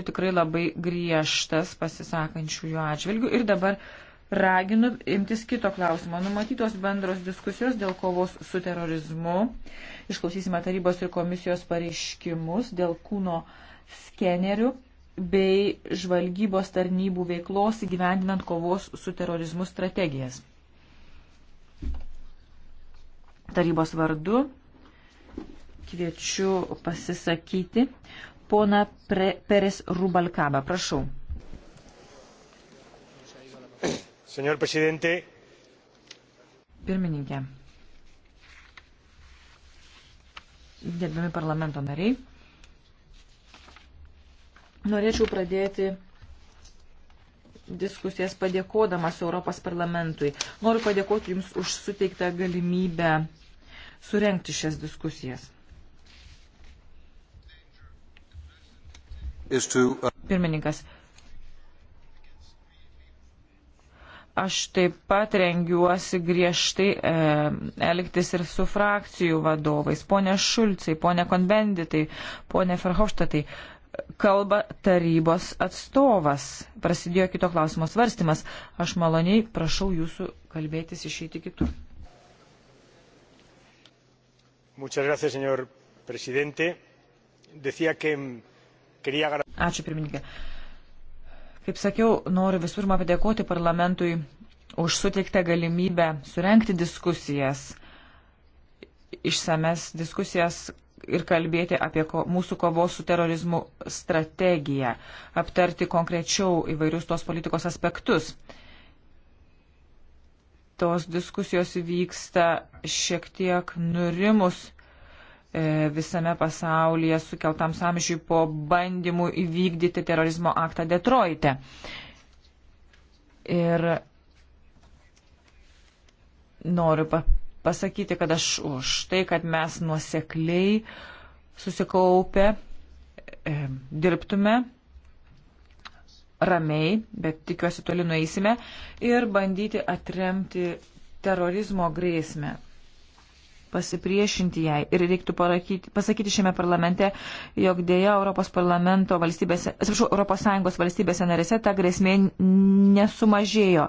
tikrai labai griežtas pasisakančiųjų atžvilgių. Ir dabar raginu imtis kito klausimo. Numatytos bendros diskusijos dėl kovos su terorizmu. Išklausysime tarybos ir komisijos pareiškimus dėl kūno skenerių bei žvalgybos tarnybų veiklos įgyvendinant kovos su terorizmu strategijas. Tarybos vardu kviečiu pasisakyti pona Pre Peres Rubalkaba. Prašau. Senor prezidente. Pirmininkė. Gerbiami parlamento nariai. Norėčiau pradėti diskusijas padėkodamas Europos parlamentui. Noriu padėkoti Jums už suteiktą galimybę surenkti šias diskusijas. to... Uh, Pirmininkas. Aš taip pat rengiuosi griežtai e, elgtis ir su frakcijų vadovais. Pone Šulcai, pone Konbenditai, pone Ferhofštatai, kalba tarybos atstovas. Prasidėjo kito klausimo svarstymas. Aš maloniai prašau jūsų kalbėtis išeiti kitur. Muchas gracias, señor presidente. Decía que Ačiū pirmininkė. Kaip sakiau, noriu visų pirma padėkoti parlamentui už suteiktą galimybę surenkti diskusijas, išsames diskusijas ir kalbėti apie ko, mūsų kovos su terorizmu strategiją, aptarti konkrečiau įvairius tos politikos aspektus. Tos diskusijos vyksta šiek tiek nurimus E, visame pasaulyje sukeltam samžiui po bandymų įvykdyti terorizmo aktą Detroite. Ir noriu pa pasakyti, kad aš už tai, kad mes nuosekliai susikaupę e, dirbtume ramiai, bet tikiuosi toli nueisime ir bandyti atremti terorizmo grėsmę pasipriešinti jai. Ir reiktų parakyti, pasakyti šiame parlamente, jog dėja Europos parlamento valstybėse, atsiprašau, Europos Sąjungos valstybėse narėse ta grėsmė nesumažėjo.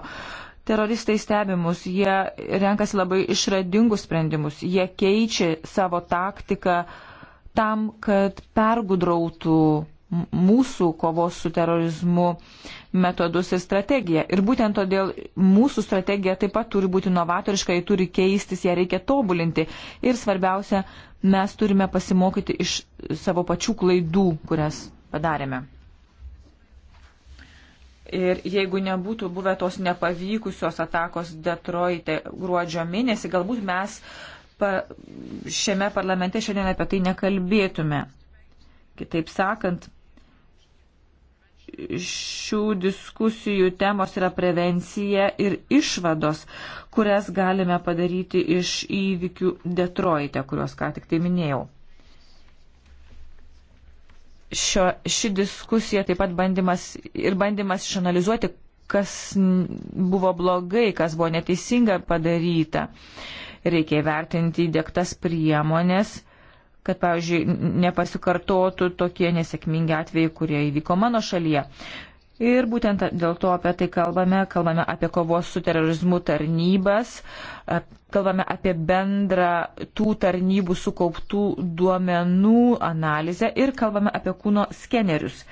Teroristai stebimus, jie renkasi labai išradingus sprendimus, jie keičia savo taktiką tam, kad pergudrautų mūsų kovos su terorizmu metodus ir strategiją. Ir būtent todėl mūsų strategija taip pat turi būti novatoriška, ji turi keistis, ją reikia tobulinti. Ir svarbiausia, mes turime pasimokyti iš savo pačių klaidų, kurias padarėme. Ir jeigu nebūtų buvę tos nepavykusios atakos Detroite gruodžio mėnesį, galbūt mes pa, šiame parlamente šiandien apie tai nekalbėtume. Kitaip sakant, šių diskusijų temos yra prevencija ir išvados, kurias galime padaryti iš įvykių Detroite, kuriuos ką tik tai minėjau. Šio, ši diskusija taip pat bandymas ir bandymas išanalizuoti, kas buvo blogai, kas buvo neteisinga padaryta. Reikia įvertinti įdėktas priemonės kad, pavyzdžiui, nepasikartotų tokie nesėkmingi atvejai, kurie įvyko mano šalyje. Ir būtent dėl to apie tai kalbame, kalbame apie kovos su terorizmu tarnybas, kalbame apie bendrą tų tarnybų sukauptų duomenų analizę ir kalbame apie kūno skenerius.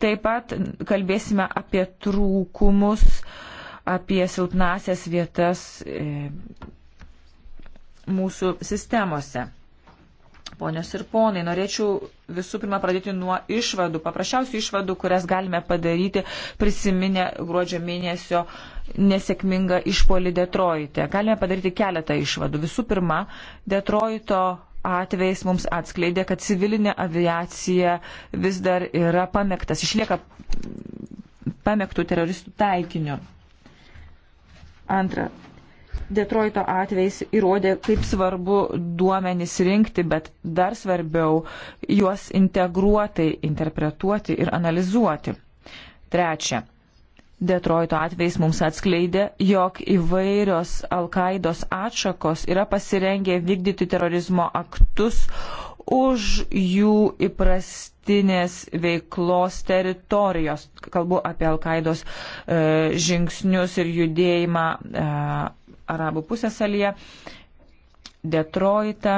Taip pat kalbėsime apie trūkumus, apie silpnasias vietas e, mūsų sistemose. Ponios ir ponai, norėčiau visų pirma pradėti nuo išvadų, paprasčiausių išvadų, kurias galime padaryti prisiminę gruodžio mėnesio nesėkmingą išpolį Detroite. Galime padaryti keletą išvadų. Visų pirma, Detroito atvejais mums atskleidė, kad civilinė aviacija vis dar yra pamėgtas, išlieka pamėgtų teroristų taikiniu. Antra, Detroito atvejs įrodė, kaip svarbu duomenys rinkti, bet dar svarbiau juos integruotai interpretuoti ir analizuoti. Trečia. Detroito atvejs mums atskleidė, jog įvairios Al-Qaidos atšakos yra pasirengę vykdyti terorizmo aktus už jų įprastinės veiklos teritorijos. Kalbu apie Al-Qaidos e, žingsnius ir judėjimą e, Arabų pusėsalyje, Detroitą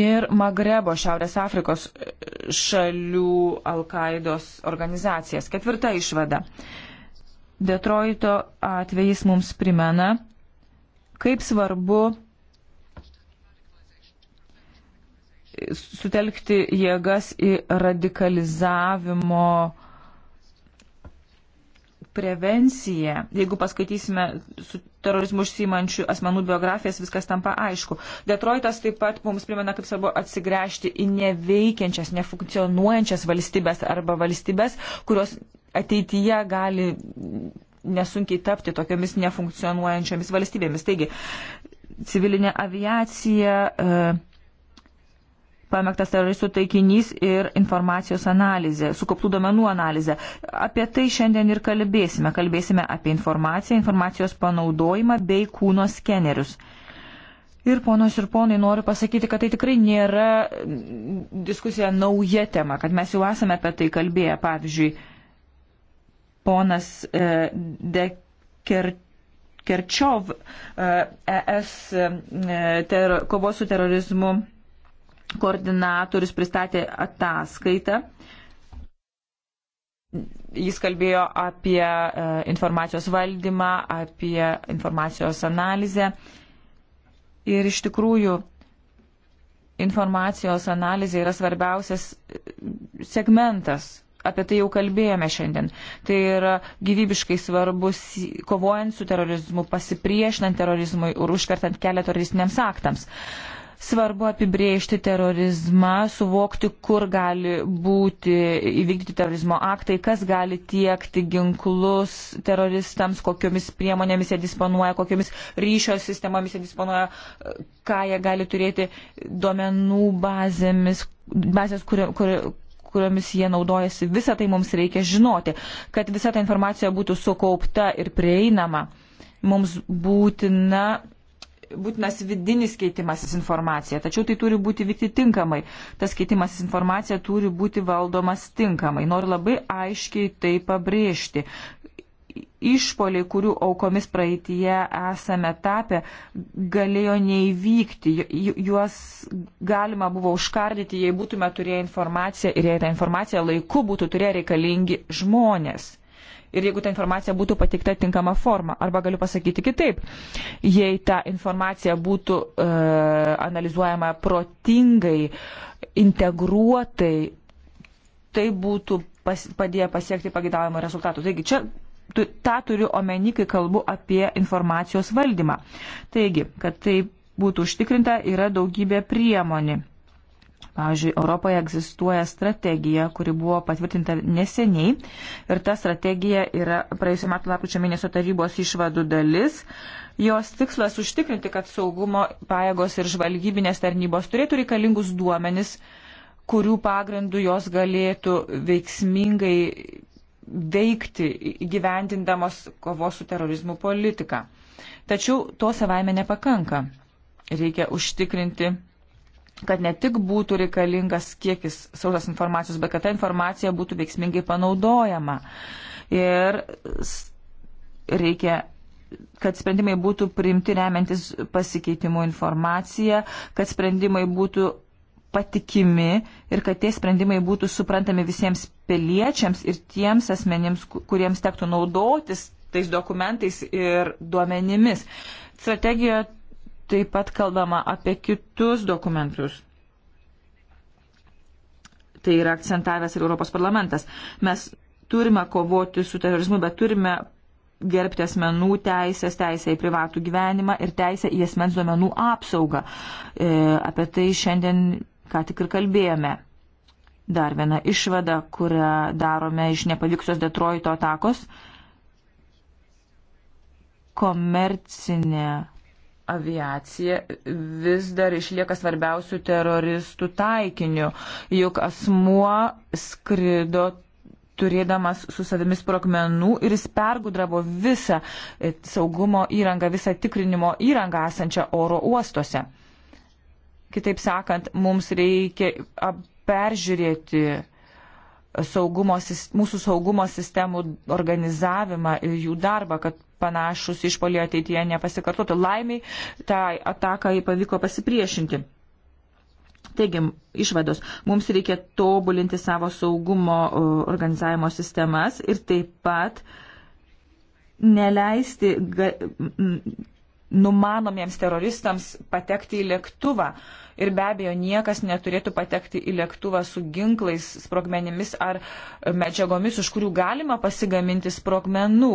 ir Magrebo Šiaurės Afrikos šalių Al-Qaidos organizacijas. Ketvirta išvada. Detroito atvejis mums primena, kaip svarbu sutelkti jėgas į radikalizavimo uh, prevencija. Jeigu paskaitysime su terorizmu užsimančių asmenų biografijas, viskas tampa aišku. Detroitas taip pat mums primena, kaip svarbu atsigręžti į neveikiančias, nefunkcionuojančias valstybės arba valstybės, kurios ateityje gali nesunkiai tapti tokiamis nefunkcionuojančiomis valstybėmis. Taigi, civilinė aviacija. E, pamėgtas teroristų taikinys ir informacijos analizė, sukauptų duomenų analizė. Apie tai šiandien ir kalbėsime. Kalbėsime apie informaciją, informacijos panaudojimą bei kūno skenerius. Ir ponos ir ponai, noriu pasakyti, kad tai tikrai nėra diskusija nauja tema, kad mes jau esame apie tai kalbėję. Pavyzdžiui, ponas e, Dekert. Kerčiov ES e e, ter, kovos su terorizmu koordinatorius pristatė ataskaitą. Jis kalbėjo apie e, informacijos valdymą, apie informacijos analizę. Ir iš tikrųjų informacijos analizė yra svarbiausias e, segmentas. Apie tai jau kalbėjome šiandien. Tai yra gyvybiškai svarbus kovojant su terorizmu, pasipriešinant terorizmui ir užkartant kelią teroristiniams aktams. Uh, Svarbu apibriežti terorizmą, suvokti, kur gali būti įvykdyti terorizmo aktai, kas gali tiekti ginklus teroristams, kokiomis priemonėmis jie disponuoja, kokiomis ryšio sistemomis jie disponuoja, ką jie gali turėti duomenų bazėmis, bazės, kurio, kurio, kuriomis jie naudojasi. Visą tai mums reikia žinoti, kad visa ta informacija būtų sukaupta ir prieinama. Mums būtina būtinas vidinis keitimasis informacija, tačiau tai turi būti vykti tinkamai. Tas keitimasis informacija turi būti valdomas tinkamai. Noriu labai aiškiai tai pabrėžti. Išpoliai, kurių aukomis praeitie esame tapę, galėjo neįvykti. Juos galima buvo užkardyti, jei būtume turėję informaciją ir jei tą informaciją laiku būtų turėję reikalingi žmonės ir jeigu ta informacija būtų pateikta tinkama forma. Arba galiu pasakyti kitaip, jei ta informacija būtų e, analizuojama protingai, integruotai, tai būtų pas, padėję pasiekti pagidavimo rezultatų. Taigi čia tu, tą turiu omeny, kai kalbu apie informacijos valdymą. Taigi, kad tai būtų užtikrinta, yra daugybė priemonių. Pavyzdžiui, Europoje egzistuoja strategija, kuri buvo patvirtinta neseniai ir ta strategija yra praėjusiu metu lapkričio mėnesio tarybos išvadų dalis. Jos tikslas užtikrinti, kad saugumo pajėgos ir žvalgybinės tarnybos turėtų reikalingus duomenis, kurių pagrindų jos galėtų veiksmingai veikti gyvendindamos kovos su terorizmu politiką. Tačiau to savaime nepakanka. Reikia užtikrinti kad ne tik būtų reikalingas kiekis sausas informacijos, bet kad ta informacija būtų veiksmingai panaudojama. Ir reikia kad sprendimai būtų priimti remiantis pasikeitimu informacija, kad sprendimai būtų patikimi ir kad tie sprendimai būtų suprantami visiems piliečiams ir tiems asmenims, kuriems tektų naudotis tais dokumentais ir duomenimis. Strategijoje Taip pat kalbama apie kitus dokumentus. Tai yra akcentavęs ir Europos parlamentas. Mes turime kovoti su terorizmu, bet turime gerbti asmenų teisės, teisę į privatų gyvenimą ir teisę į asmens duomenų apsaugą. E, apie tai šiandien ką tik ir kalbėjome. Dar viena išvada, kurią darome iš nepavykusios Detroito atakos. Komercinė aviacija vis dar išlieka svarbiausių teroristų taikiniu, juk asmuo skrido turėdamas su savimi sprogmenų ir jis pergudravo visą e, saugumo įrangą, visą tikrinimo įrangą esančią oro uostuose. Kitaip sakant, mums reikia peržiūrėti saugumo, mūsų saugumo sistemų organizavimą ir jų darbą, kad panašus išpoliai ateityje nepasikartotų. Laimiai tą ataką pavyko pasipriešinti. Taigi, išvados, mums reikia tobulinti savo saugumo organizavimo sistemas ir taip pat neleisti ga, numanomiems teroristams patekti į lėktuvą. Ir be abejo, niekas neturėtų patekti į lėktuvą su ginklais, sprogmenimis ar medžiagomis, už kurių galima pasigaminti sprogmenų.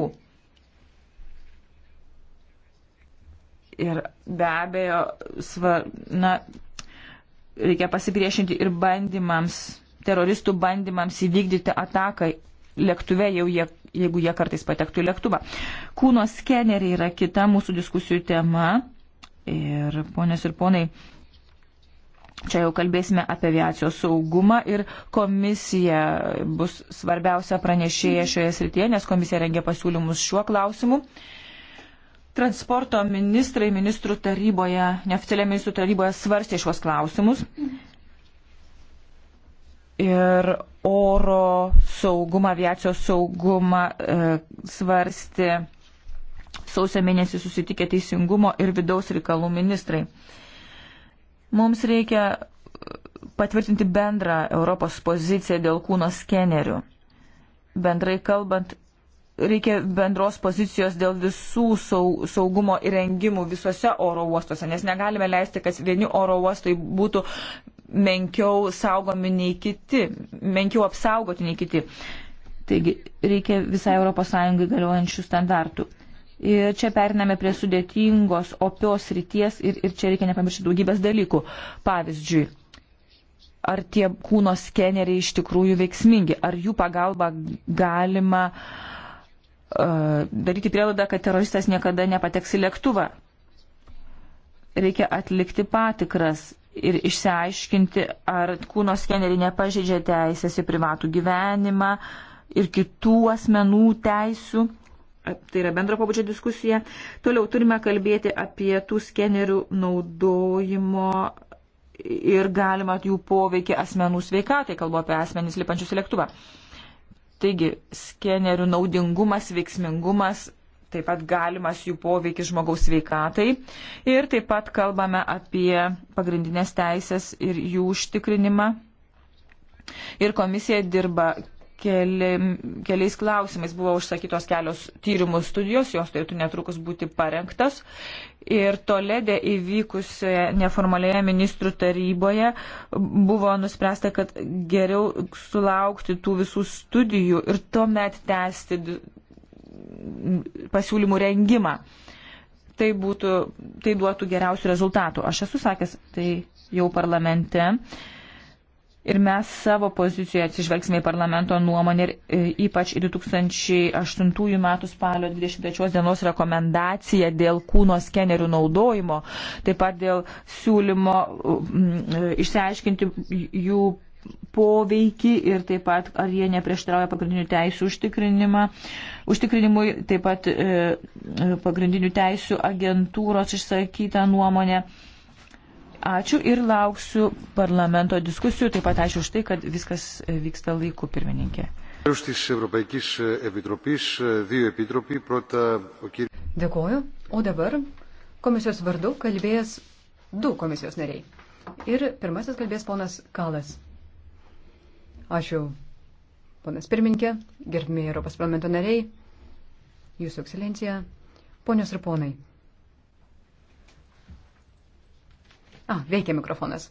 Ir be abejo, svar, na, reikia pasipriešinti ir bandymams, teroristų bandymams įvykdyti ataką lėktuve, jau jie, jeigu jie kartais patektų į lėktuvą. Kūno skeneriai yra kita mūsų diskusijų tema. Ir ponios ir ponai, čia jau kalbėsime apie aviacijos saugumą ir komisija bus svarbiausia pranešėja šioje srityje, nes komisija rengia pasiūlymus šiuo klausimu. Uh, Transporto ministrai ministrų taryboje, neoficialiai ministrų taryboje svarstė šios klausimus. Ir oro saugumą, aviacijos saugumą e, svarstė sausio mėnesį susitikę teisingumo ir vidaus reikalų ministrai. Mums reikia patvirtinti bendrą Europos poziciją dėl kūno skenerių. Bendrai kalbant, reikia bendros pozicijos dėl visų saugumo įrengimų visose oro uostuose, nes negalime leisti, kad vieni oro uostai būtų menkiau saugomi nei kiti, menkiau apsaugoti nei kiti. Taigi reikia visai ES galiojančių standartų. Ir čia periname prie sudėtingos, opios ryties ir, ir čia reikia nepamiršti daugybės dalykų. Pavyzdžiui, ar tie kūno skeneriai iš tikrųjų veiksmingi, ar jų pagalba galima uh, daryti prielaidą, kad teroristas niekada nepateks į lėktuvą. Reikia atlikti patikras ir išsiaiškinti, ar kūno skeneriai nepažeidžia teisės į privatų gyvenimą ir kitų asmenų teisių. Tai yra bendro pabudžio diskusija. Toliau turime kalbėti apie tų skenerių naudojimo ir galima jų poveikį asmenų sveikatai, kalbu apie asmenys lipančius į lėktuvą. Uh, Taigi, skenerių naudingumas, veiksmingumas, taip pat galimas jų poveikis žmogaus veikatai. Ir taip pat kalbame apie pagrindinės teisės ir jų užtikrinimą. Ir komisija dirba keli, keliais klausimais. Buvo užsakytos kelios tyrimų studijos, jos turėtų netrukus būti parengtos. Ir toledė įvykusioje neformalioje ministrų taryboje buvo nuspręsta, kad geriau sulaukti tų visų studijų ir tuomet tęsti pasiūlymų rengimą. Tai, būtų, tai duotų geriausių rezultatų. Aš esu sakęs tai jau parlamente. Uh, Ir mes savo pozicijoje atsižvelgsime į parlamento nuomonę ir e, ypač į 2008 m. spalio 23 dienos rekomendaciją dėl kūno skenerių naudojimo, taip pat dėl siūlymo e, išsiaiškinti jų poveikį ir taip pat ar jie neprieštarauja pagrindinių teisų užtikrinimui, taip pat e, e pagrindinių teisų agentūros išsakytą nuomonę. E, Ačiū ir lauksiu parlamento diskusijų. Taip pat ačiū už tai, kad viskas e, vyksta laiku, pirmininkė. E, e, Dėkoju. O dabar komisijos vardu kalbės du komisijos nariai. Ir pirmasis kalbės ponas Kalas. Ačiū, ponas pirmininkė, gerbimi Europos parlamento nariai, jūsų ekscelencija, ponios ir ponai. A, veikia mikrofonas.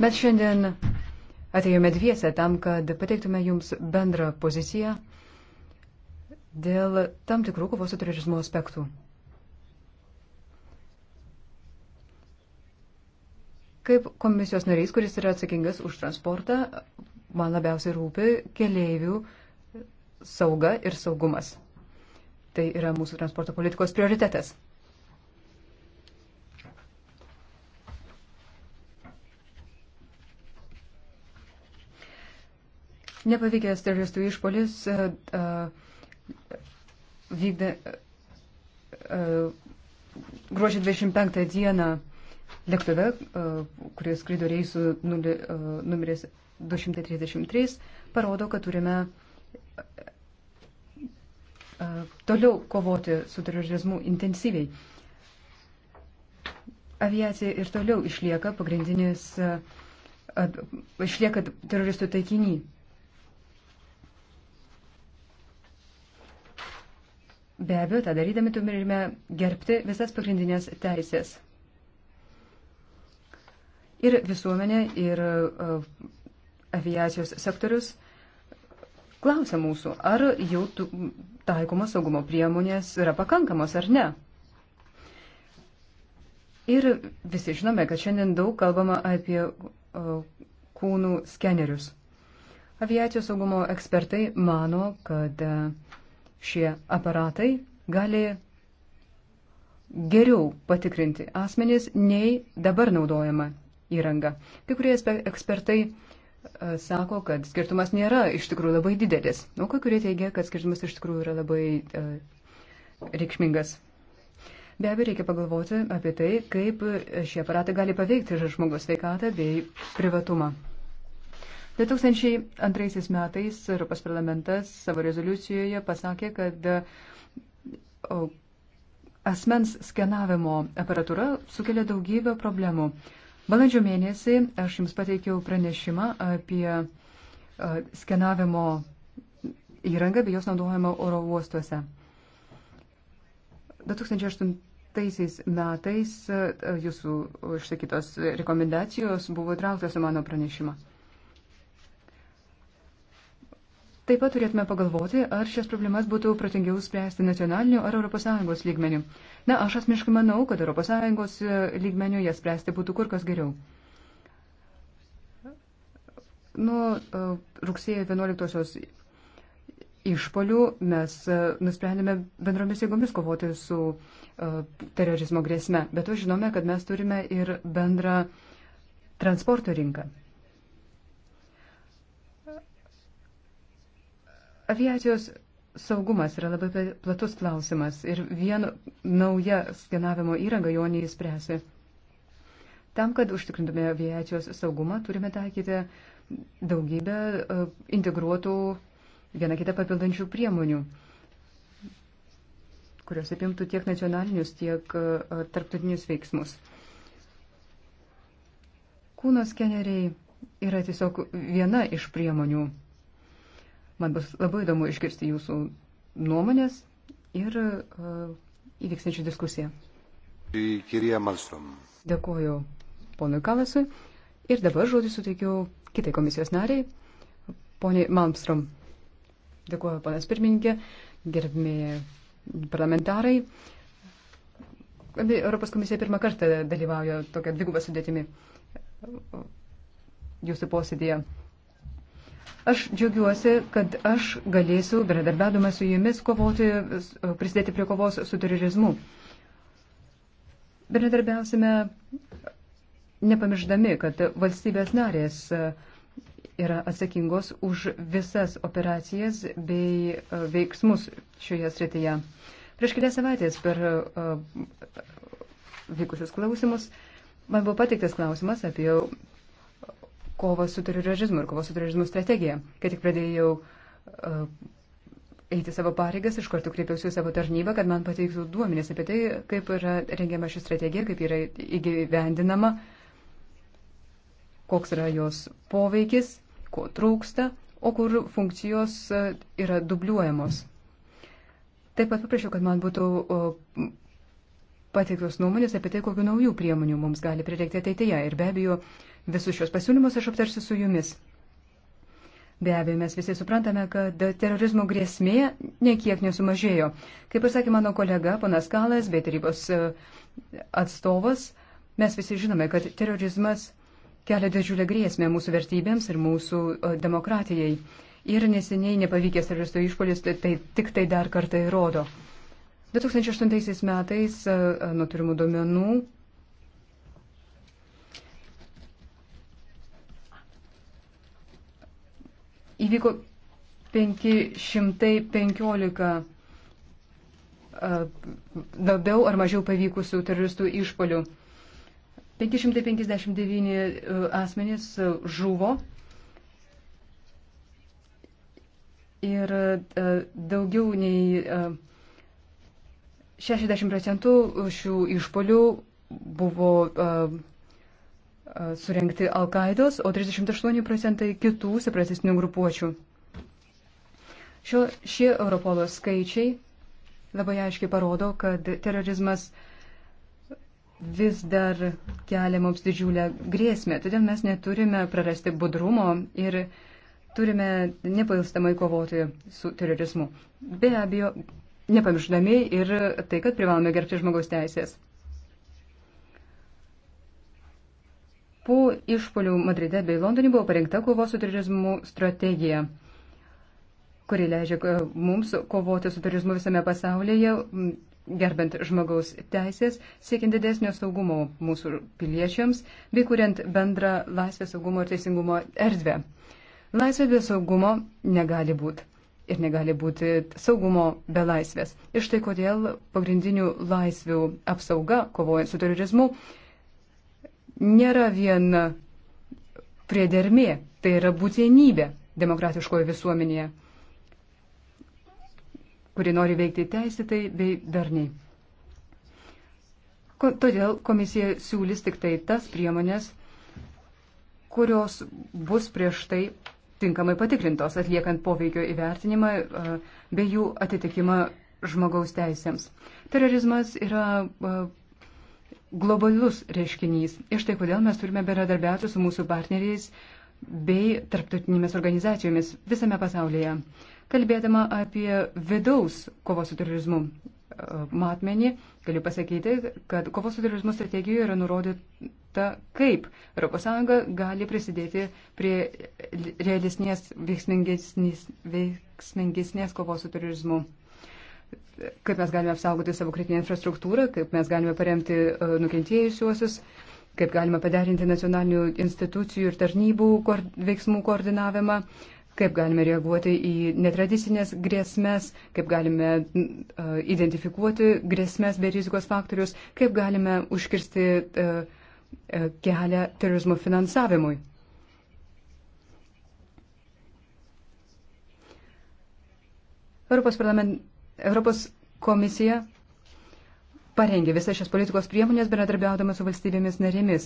Bet šiandien atėjome dviese tam, kad pateiktume jums bendrą poziciją dėl tam tikrų kovos su terorizmu aspektų. Kaip komisijos narys, kuris yra atsakingas už transportą, man labiausiai rūpi keleivių sauga ir saugumas. Tai yra mūsų transporto politikos prioritetas. Nepavykęs teroristų išpolis e, e, vykdė e, gruožio 25 dieną lėktuve, kuris skrido reisų numeris 233, parodo, kad turime toliau kovoti su terorizmu intensyviai. Aviacija ir toliau išlieka pagrindinis, išlieka teroristų taikinys. Be abejo, tą darydami turime gerbti visas pagrindinės teisės. Ir visuomenė, ir uh, aviacijos sektorius klausia mūsų, ar jau taikomos saugumo priemonės yra pakankamos ar ne. Ir visi žinome, kad šiandien daug kalbama apie e, kūnų skenerius. Aviacijos saugumo ekspertai mano, kad e, Šie aparatai gali geriau patikrinti asmenys nei dabar naudojama įranga. Kai kurie ekspertai e, sako, kad skirtumas nėra iš tikrųjų labai didelis, o nu, kai kurie teigia, kad skirtumas iš tikrųjų yra labai e, reikšmingas. Be abejo, reikia pagalvoti apie tai, kaip šie aparatai gali paveikti žmogaus sveikatą bei privatumą. 2002 metais Europos parlamentas savo rezoliucijoje pasakė, kad asmens skenavimo aparatūra sukelia daugybę problemų. Balandžio mėnesį aš jums pateikiau pranešimą apie skenavimo įrangą bei jos naudojimą oro uostuose. 2008 metais jūsų išsakytos rekomendacijos buvo įtrauktos į mano pranešimą. Taip pat turėtume pagalvoti, ar šias problemas būtų protingiau spręsti nacionaliniu ar ES lygmeniu. Na, aš asmeniškai manau, kad ES lygmeniu jas spręsti būtų kur kas geriau. Nuo e, rugsėjo 11 išpolių mes e, nusprendėme bendromis jėgomis kovoti su e, terorizmo grėsme, bet to žinome, kad mes turime ir bendrą transporto rinką. Aviacijos saugumas yra labai platus klausimas ir vien nauja skenavimo įranga jo neįspręsi. Tam, kad užtikrintume aviacijos saugumą, turime taikyti daugybę e, integruotų vieną kitą papildančių priemonių, kurios apimtų tiek nacionalinius, tiek e, e, tarptautinius veiksmus. Kūno skeneriai yra tiesiog viena iš priemonių Man bus labai įdomu išgirsti jūsų nuomonės ir uh, e, įvyksančią diskusiją. Dėkuoju ponui Kalasui. Ir dabar žodį suteikiau kitai komisijos nariai, poniai Malmstrom. Dėkuoju, ponas pirmininkė, gerbimi parlamentarai. Europos komisija pirmą kartą dalyvauja tokia dvigubą sudėtimi jūsų posėdėje. Aš džiaugiuosi, kad aš galėsiu, bendradarbiaudama su jumis, kovoti, prisidėti prie kovos su terorizmu. Bendradarbiausime nepamirždami, kad valstybės narės yra atsakingos už visas operacijas bei e, veiksmus šioje srityje. Prieš kelias savaitės per uh, vykusius klausimus man buvo pateiktas klausimas apie kovą su terorizmu ir kovos su terorizmu strategiją. Kai tik pradėjau uh, eiti savo pareigas, iš karto kreipiausi į savo tarnybą, kad man pateiktų duomenys apie tai, kaip yra rengiama ši strategija, kaip yra įgyvendinama, koks yra jos poveikis, ko trūksta, o kur funkcijos uh, yra dubliuojamos. Taip pat paprašiau, kad man būtų uh, pateiktos nuomonės apie tai, kokiu naujų priemonių mums gali prireikti ateityje. Ir be abejo, uh, Visus šios pasiūlymus aš aptarsiu su jumis. Be abejo, mes visi suprantame, kad terorizmo grėsmė niekiek nesumažėjo. Kaip ir sakė mano kolega, panas Kalas, bei tarybos e, atstovas, mes visi žinome, kad terorizmas kelia didžiulę grėsmę mūsų vertybėms ir mūsų e, demokratijai. Ir neseniai nepavykęs teroristų išpolis tai, tai tik tai dar kartą įrodo. 2008 metais, e, nuo turimų duomenų, įvyko 515 labiau ar mažiau pavykusių teroristų išpolių. 559 asmenys žuvo ir daugiau nei 60 procentų šių išpolių buvo surenkti Al-Qaidos, o 38 procentai kitų separatistinių grupuočių. Šio, šie Europolo skaičiai labai aiškiai parodo, kad terorizmas vis dar kelia mums didžiulę grėsmę. Todėl mes neturime prarasti budrumo ir turime nepailstamai kovoti su terorizmu. Be abejo, nepamiršdami ir tai, kad privalome gerbti žmogaus teisės. Po išpolių Madride bei Londone buvo parengta kovos su terorizmu strategija kuri leidžia e, mums kovoti su turizmu visame pasaulyje, gerbent žmogaus teisės, siekiant didesnio saugumo mūsų piliečiams, bei kuriant bendrą laisvę, saugumo ir teisingumo erdvę. Laisvė be saugumo negali būti. Ir negali būti saugumo be laisvės. Ir štai kodėl pagrindinių laisvių apsauga, kovojant su terorizmu, nėra viena priedermė, tai yra būtinybė demokratiškoje visuomenėje, kuri nori veikti teisėtai bei darniai. Todėl komisija siūlys tik tai tas priemonės, kurios bus prieš tai tinkamai patikrintos, atliekant poveikio įvertinimą bei jų atitikimą žmogaus teisėms. Terorizmas yra globalus reiškinys. Ir štai kodėl mes turime bendradarbiauti su mūsų partneriais bei tarptautinėmis organizacijomis visame pasaulyje. Kalbėdama apie vidaus kovos su terorizmu uh, matmenį, galiu pasakyti, kad kovos su terorizmu strategijoje yra nurodyta, kaip ES gali prisidėti prie realesnės, veiksmingesnės, veiksmingesnės kovos su terorizmu kaip mes galime apsaugoti savo kritinę infrastruktūrą, kaip mes galime paremti e, nukentėjusiuosius, kaip galime padarinti nacionalinių institucijų ir tarnybų veiksmų koordinavimą, kaip galime reaguoti į netradicinės grėsmės, kaip galime e, identifikuoti grėsmės bei rizikos faktorius, kaip galime užkirsti e, kelią terorizmo finansavimui. Europos parlamentas Europos komisija parengė visas šias politikos priemonės bendradarbiaudama su valstybėmis narėmis.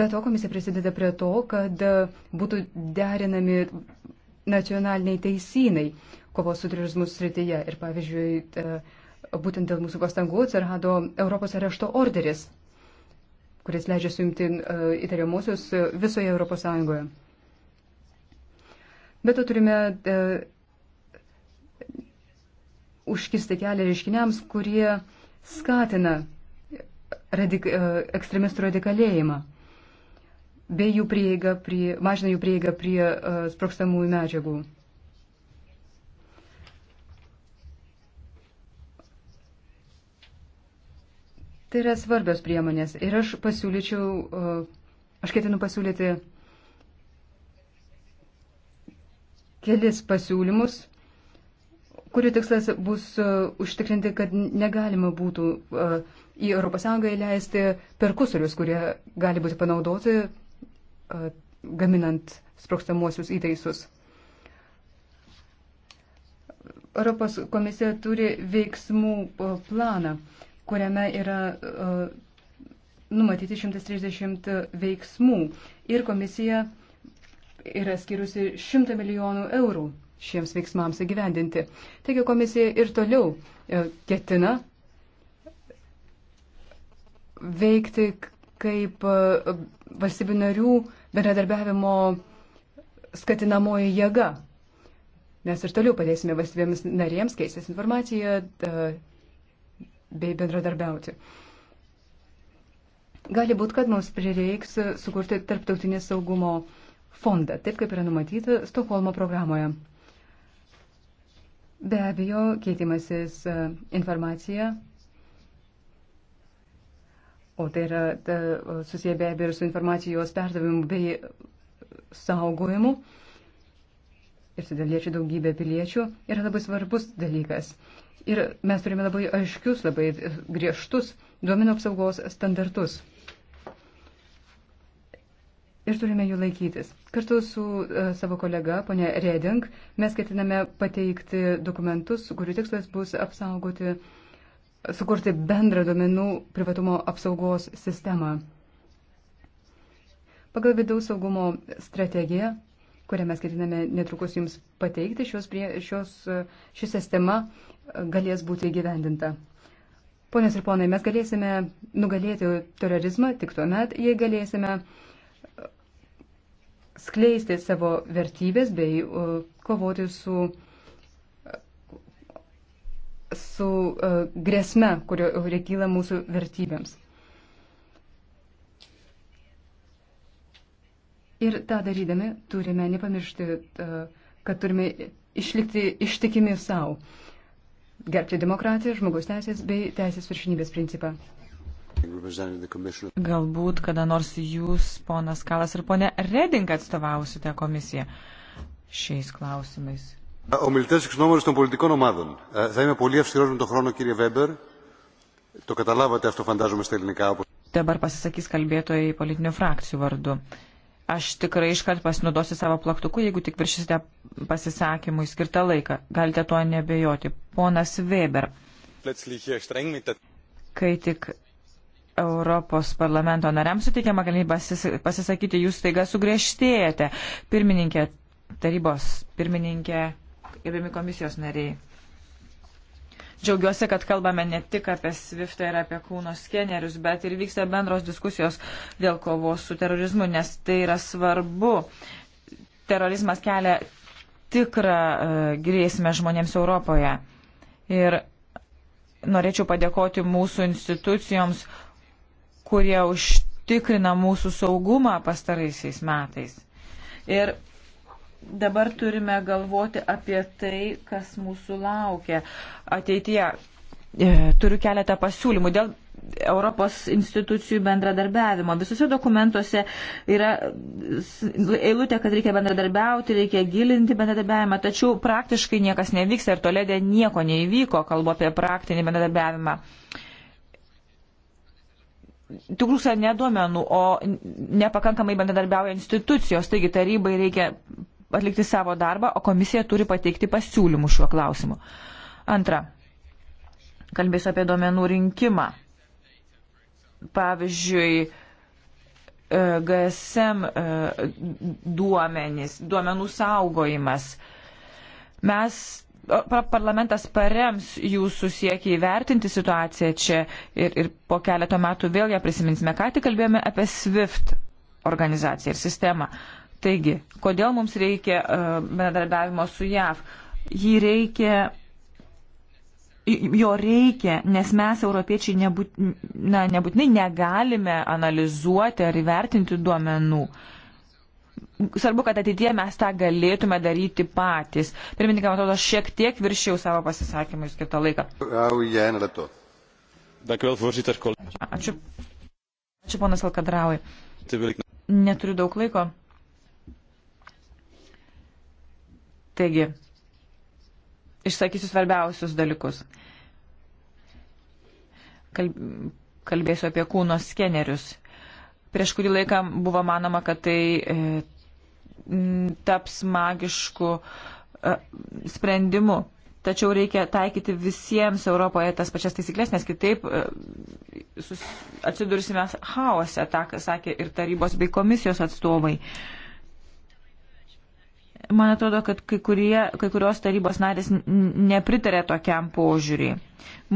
Be to komisija prisideda prie to, kad būtų derinami nacionaliniai teisynai kovos su terorizmu srityje. Ir pavyzdžiui, e, būtent dėl mūsų pastangų atsirado Europos arešto orderis, kuris leidžia suimti e, įtariamusius visoje Europos Sąjungoje. Bet to turime e, užkisti kelią reiškiniams, kurie skatina radik, e, ekstremistų radikalėjimą bei jų prieiga prie, mažina jų prieigą prie uh, e, sprokstamųjų medžiagų. Tai yra svarbios priemonės ir aš pasiūlyčiau, uh, aš ketinu pasiūlyti kelis pasiūlymus, kurių tikslas bus e, užtikrinti, kad negalima būtų e, į ES leisti perkusorius, kurie gali būti panaudoti e, gaminant sprokstamuosius įtaisus. Europos komisija turi veiksmų planą, kuriame yra numatyti 130 veiksmų ir komisija yra skiriusi 100 milijonų eurų šiems veiksmams įgyvendinti. Taigi komisija ir toliau e, ketina veikti kaip e, valstybių narių bendradarbiavimo skatinamoji jėga. Mes ir toliau padėsime valstybėms narėms keistis informaciją e, bei bendradarbiauti. Gali būti, kad mums prireiks sukurti tarptautinį saugumo uh, fondą, taip kaip yra numatyta Stokholmo programoje. Be abejo, keitimasis e, informacija, o tai yra ta, susiję be abejo ir su informacijos perdavimu bei saugojimu ir todėl liečia daugybę piliečių, yra labai svarbus dalykas. Ir mes turime labai aiškius, labai griežtus duomenų apsaugos standartus ir turime jų laikytis. Kartu su uh, savo kolega, ponė Reding, mes ketiname pateikti dokumentus, kurių tikslas bus apsaugoti, sukurti bendrą domenų privatumo apsaugos sistemą. Pagal vidaus saugumo strategiją, kurią mes ketiname netrukus jums pateikti, šios prie, šios, e, ši sistema e, galės būti įgyvendinta. Ponės ir ponai, mes galėsime nugalėti terorizmą tik tuomet, jei galėsime uh, skleisti savo vertybės bei e, kovoti su, su e, grėsme, kurio reikyla mūsų vertybėms. Ir tą darydami turime nepamiršti, e, kad turime išlikti ištikimi savo, gerbti demokratiją, žmogaus teisės bei teisės viršinybės principą. Galbūt kada nors jūs, ponas Kalas ir ponė Reding, atstovausite komisiją šiais klausimais. Ομιλητέ εξ ονόματο των πολιτικών ομάδων. Θα είμαι πολύ αυστηρό με τον χρόνο, κύριε Βέμπερ. Το καταλάβατε αυτό, φαντάζομαι, στα ελληνικά. Dabar pasisakys kalbėtojai politinių frakcijų vardu. Aš tikrai iškart pasinaudosiu savo plaktuku, jeigu tik viršysite pasisakymui skirtą laiką. Galite tuo nebejoti. Ponas Weber. Äh, Kai tik Europos parlamento nariams suteikiama galimybė pasisakyti, jūs taiga sugriežtėjate. Pirmininkė, tarybos pirmininkė, gerbiami komisijos nariai. Džiaugiuosi, kad kalbame ne tik apie Swift ir apie kūno skenerius, bet ir vyksta bendros diskusijos dėl kovos su terorizmu, nes tai yra svarbu. Terorizmas kelia tikrą uh, grėsmę žmonėms Europoje. Ir norėčiau padėkoti mūsų institucijoms kurie užtikrina mūsų saugumą pastaraisiais metais. Ir dabar turime galvoti apie tai, kas mūsų laukia ateityje. E, turiu keletą pasiūlymų dėl Europos institucijų bendradarbiavimo. Visose dokumentuose yra eilutė, kad reikia bendradarbiauti, reikia gilinti bendradarbiavimą, tačiau praktiškai niekas nevyksta ir toledė nieko neįvyko, kalbu apie praktinį bendradarbiavimą. Uh, tikrų ne duomenų, o nepakankamai bendradarbiauja institucijos, taigi tarybai reikia atlikti savo darbą, o komisija turi pateikti pasiūlymų šiuo klausimu. Antra, kalbės apie duomenų rinkimą. Pavyzdžiui, e, GSM e, duomenys, duomenų saugojimas. Mes parlamentas parems jūsų siekį įvertinti situaciją čia ir, ir po keletą metų vėl ją prisiminsime. Ką tik kalbėjome apie SWIFT organizaciją ir sistemą. Taigi, kodėl mums reikia uh, bendradarbiavimo su JAV? Jį reikia, jo reikia, nes mes, europiečiai, nebūt, na, nebūtinai negalime analizuoti ar įvertinti duomenų. Uh, svarbu, kad ateitie mes tą galėtume daryti patys. Pirmininkai, man atrodo, šiek tiek viršiau savo pasisakymui skirtą laiką. Ačiū. Ačiū, ponas Alkadraui. Tai Neturiu daug laiko. Taigi, išsakysiu svarbiausius dalykus. Kalbėsiu apie kūno skenerius prieš kurį laiką buvo manoma, kad tai e, taps magišku e, sprendimu. Tačiau reikia taikyti visiems Europoje tas pačias taisyklės, nes kitaip e, atsidursime chaose, tą sakė ir tarybos bei komisijos atstovai. Uh, Man atrodo, kad kai, kurie, kai kurios tarybos narės nepritarė tokiam požiūriui.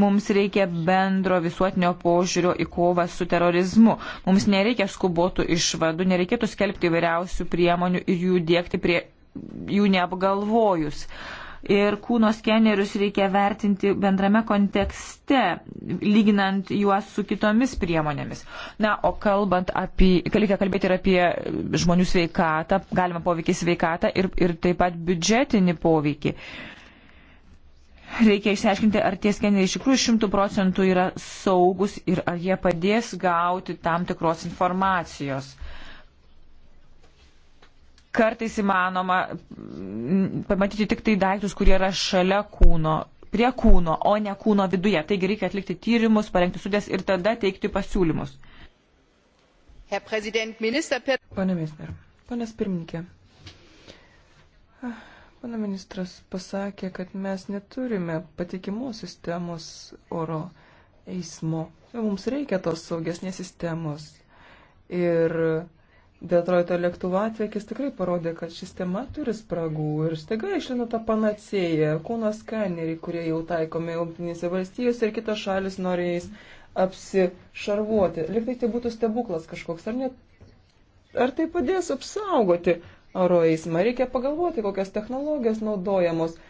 Mums reikia bendro visuotinio požiūrio į kovą su terorizmu. Mums nereikia skubotų išvadų, nereikėtų skelbti įvairiausių priemonių ir jų dėkti prie jų neapgalvojus. Uh, ir kūno skenerius reikia vertinti bendrame kontekste, lyginant juos su kitomis priemonėmis. Na, o kalbant apie, reikia kalbėti ir apie žmonių sveikatą, galima poveikį sveikatą ir, ir taip pat biudžetinį poveikį. Reikia išsiaiškinti, ar tie skeneriai iš tikrųjų šimtų procentų yra saugus ir ar jie padės gauti tam tikros informacijos kartais įmanoma pamatyti tik tai daiktus, kurie yra šalia kūno, prie kūno, o ne kūno viduje. Taigi reikia atlikti tyrimus, parengti studijas ir tada teikti pasiūlymus. Minister... Pane minister, panas pirmininkė. Ah, pana ministras pasakė, kad mes neturime patikimos sistemos oro eismo. Mums reikia tos saugesnės sistemos. Ir Detroito lėktuvo atvekis tikrai parodė, kad sistema turi spragų ir staiga išlina tą panacėją, kūno skeneriai, kurie jau taikomi jungtinėse valstijose ir kitos šalis nori jais apsišarvuoti. Liktai tai būtų stebuklas kažkoks, ar, ne, ar tai padės apsaugoti oro eismą. Reikia pagalvoti, kokios technologijos naudojamos,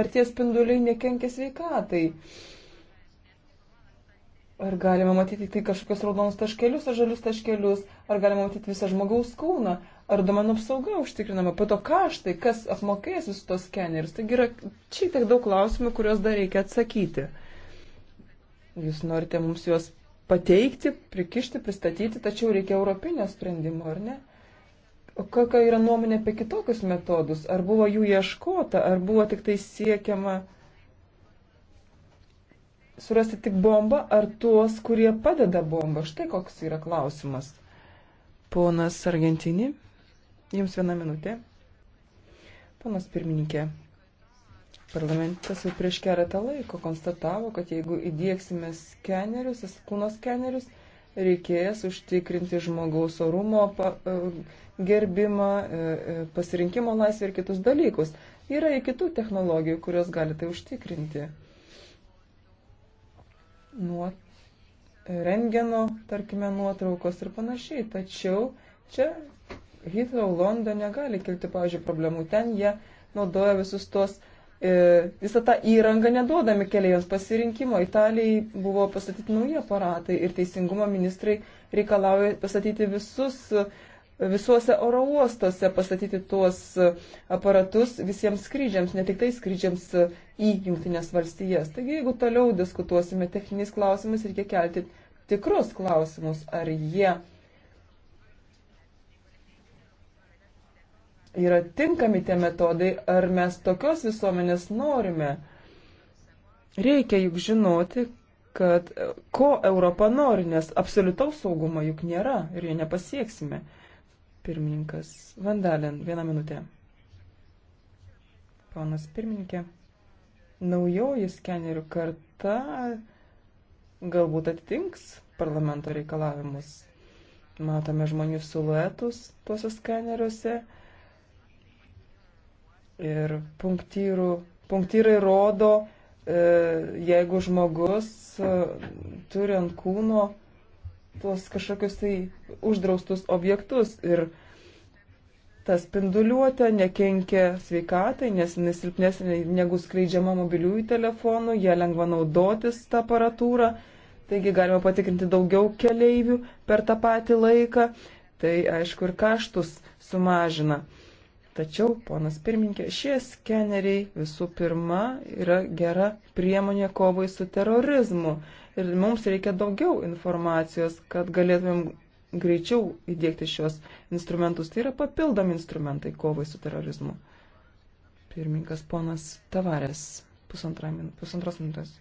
ar tie spinduliai nekenkia sveikatai. Uh, Ar galima matyti tai kažkokius raudonus taškelius ar žalius taškelius, ar galima matyti visą žmogaus kūną, ar domenų apsauga užtikrinama, pato kaštai, kas apmokės visus tos skenerius. Taigi yra šiek tiek daug klausimų, kuriuos dar reikia atsakyti. Jūs norite mums juos pateikti, prikišti, pristatyti, tačiau reikia europinio sprendimo, ar ne? O kokia yra nuomonė apie kitokius metodus? Ar buvo jų ieškota, ar buvo tik tai siekiama surasti tik bombą ar tuos, kurie padeda bombą? Štai koks yra klausimas. Ponas Argentini, jums viena minutė. Ponas pirmininkė, parlamentas jau prieš keletą laiko konstatavo, kad jeigu įdėksime skenerius, kūno skenerius, reikės užtikrinti žmogaus orumo e, gerbimą, e, e, pasirinkimo laisvę ir kitus dalykus. Yra ir kitų technologijų, kurios gali tai užtikrinti nuo rengeno, tarkime, nuotraukos ir panašiai. Tačiau čia Heathrow Londone gali kilti, pavyzdžiui, problemų. Ten jie naudoja visus tos, e, visą tą įrangą neduodami keliaiviams pasirinkimo. Italijai buvo pastatyti nauji aparatai ir teisingumo ministrai reikalauja pastatyti visus visuose oro uostuose pastatyti tuos aparatus visiems skrydžiams, ne tik tai skrydžiams į Junktinės valstijas. Taigi, jeigu toliau diskutuosime techniniais klausimais, reikia kelti tikrus klausimus, ar jie yra tinkami tie metodai, ar mes tokios visuomenės norime. Reikia juk žinoti, kad ko Europa nori, nes absoliutaus saugumo juk nėra ir jo nepasieksime. Pirmininkas Vandalin, vieną minutę. Ponas pirmininkė, naujoji skenerių karta galbūt atitinks parlamento reikalavimus. Matome žmonių siluetus tuose skeneriuose ir punktyrų, punktyrai rodo, e, jeigu žmogus e, turi ant kūno tuos kažkokius tai uždraustus objektus ir ta spinduliuotė nekenkia sveikatai, nes nesilpnesnė negu skleidžiama mobiliųjų telefonų, jie lengva naudotis tą aparatūrą, taigi galima patikrinti daugiau keleivių per tą patį laiką, tai aišku ir kaštus sumažina. Tačiau, ponas pirmininkė, šie skeneriai visų pirma yra gera priemonė kovai su terorizmu. Ir mums reikia daugiau informacijos, kad galėtumėm greičiau įdėkti šios instrumentus. Tai yra papildomi instrumentai kovai su terorizmu. Pirmininkas ponas Tavarės, pusantros minutės.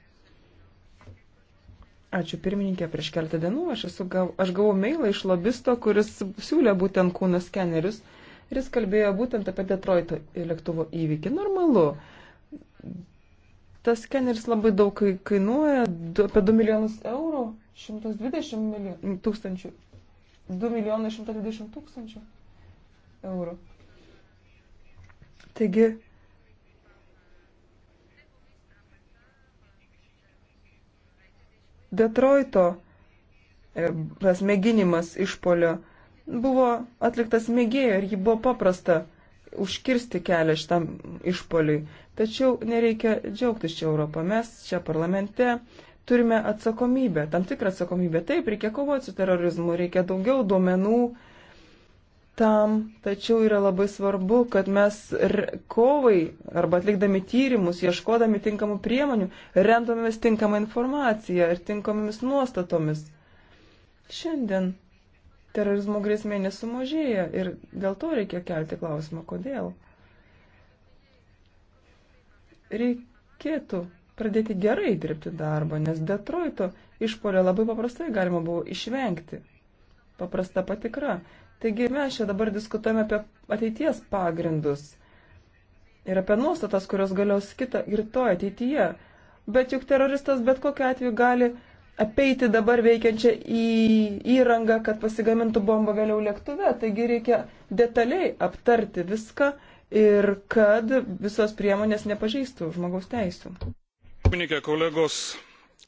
Ačiū pirmininkė, prieš keletą dienų aš, gav, aš gavau mailą iš lobisto, kuris siūlė būtent kūno skenerius ir jis kalbėjo būtent apie Detroito lėktuvo įvykį. Normalu. Tas skeneris labai daug kainuoja, du, apie 2 milijonus eurų, 120 milijonų, tūkstančių. 2 milijonai 120 tūkstančių eurų. Taigi, Detroito e, tas mėginimas išpolio buvo atliktas mėgėjo ir jį buvo paprasta užkirsti kelią šitam išpoliui. Tačiau nereikia džiaugtis čia Europą. Mes čia parlamente turime atsakomybę, tam tikrą atsakomybę. Taip, reikia kovoti su terorizmu, reikia daugiau duomenų tam. Tačiau yra labai svarbu, kad mes kovai arba atlikdami tyrimus, ieškodami tinkamų priemonių, rendomės tinkamą informaciją ir tinkamomis nuostatomis. Šiandien terorizmo grėsmė nesumažėja ir dėl to reikia kelti klausimą, kodėl. Reikėtų pradėti gerai dirbti darbą, nes Detroito išpolio labai paprastai galima buvo išvengti. Paprasta patikra. Taigi mes čia dabar diskutuojame apie ateities pagrindus ir apie nuostatas, kurios galios kitą ir to ateityje. Bet juk teroristas bet kokiu atveju gali apeiti dabar veikiančią į įrangą, kad pasigamintų bombą vėliau lėktuve. Taigi reikia detaliai aptarti viską ir kad visos priemonės nepažeistų žmogaus teisų. Pirmininkė, kolegos,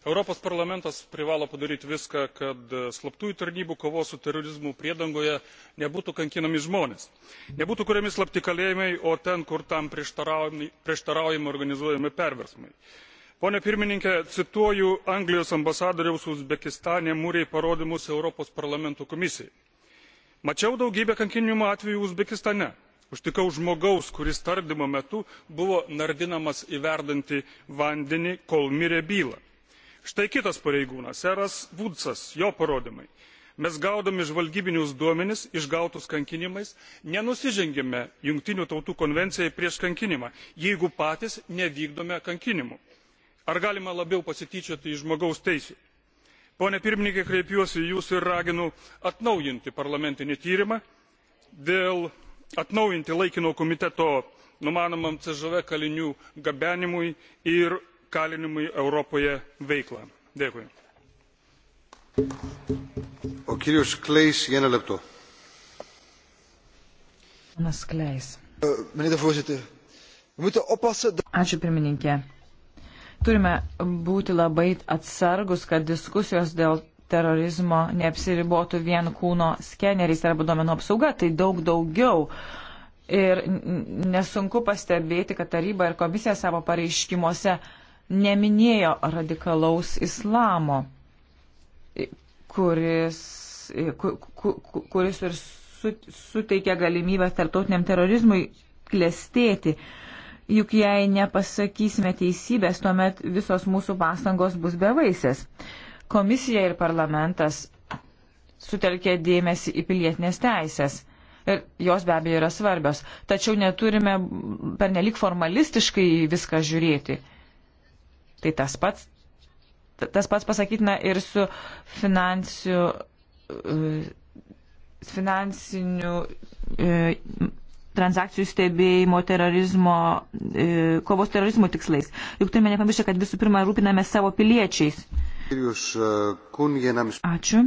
Europos parlamentas privalo padaryti viską, kad slaptųjų tarnybų kovos su terorizmu priedangoje nebūtų kankinami žmonės. Nebūtų kuriami slapti kalėjimai, o ten, kur tam prieštaraujami organizuojami perversmai pone pirmininke cituoju anglijos ambasadoriaus uzbekistane murray parodymus europos parlamento komisijai mačiau daugybę kankinimo atvejų uzbekistane užtikau žmogaus kuris tardymo metu buvo nardinamas į verdantį vandenį kol mirė bylą. štai kitas pareigūnas seras woodsas jo parodymai mes gaudami žvalgybinius duomenis išgautus kankinimais nenusižengiame jungtinių tautų konvencijai prieš kankinimą jeigu patys nevykdome kankinimų ar galima labiau pasityčioti iš žmogaus teisių? pone pirmininke kreipiuosi į jus ir raginu atnaujinti parlamentinį tyrimą dėl atnaujinti laikino komiteto numanomam cžv kalinių gabenimui ir kalinimui europoje veiklą. dėkui. Ačiū pirmininkė. Turime būti labai atsargus, kad diskusijos dėl terorizmo neapsiribotų vien kūno skeneriais arba duomenų apsauga, tai daug daugiau. Ir nesunku pastebėti, kad taryba ir komisija savo pareiškimuose neminėjo radikalaus islamo, kuris, kur, kur, kuris ir suteikia galimybę tarptautiniam terorizmui klestėti. Uh, juk jei nepasakysime teisybės, tuomet visos mūsų pastangos bus bevaisės. Komisija ir parlamentas sutelkė dėmesį į pilietinės teisės. Ir jos be abejo yra svarbios. Tačiau neturime pernelik formalistiškai viską žiūrėti. Tai tas pats, tas pats pasakytina ir su e, finansiniu, finansiniu e, transakcijų stebėjimo, terorizmo, e, kovos terorizmo tikslais. Juk turime nepamiršti, kad visų pirma rūpiname savo piliečiais. E, Ačiū.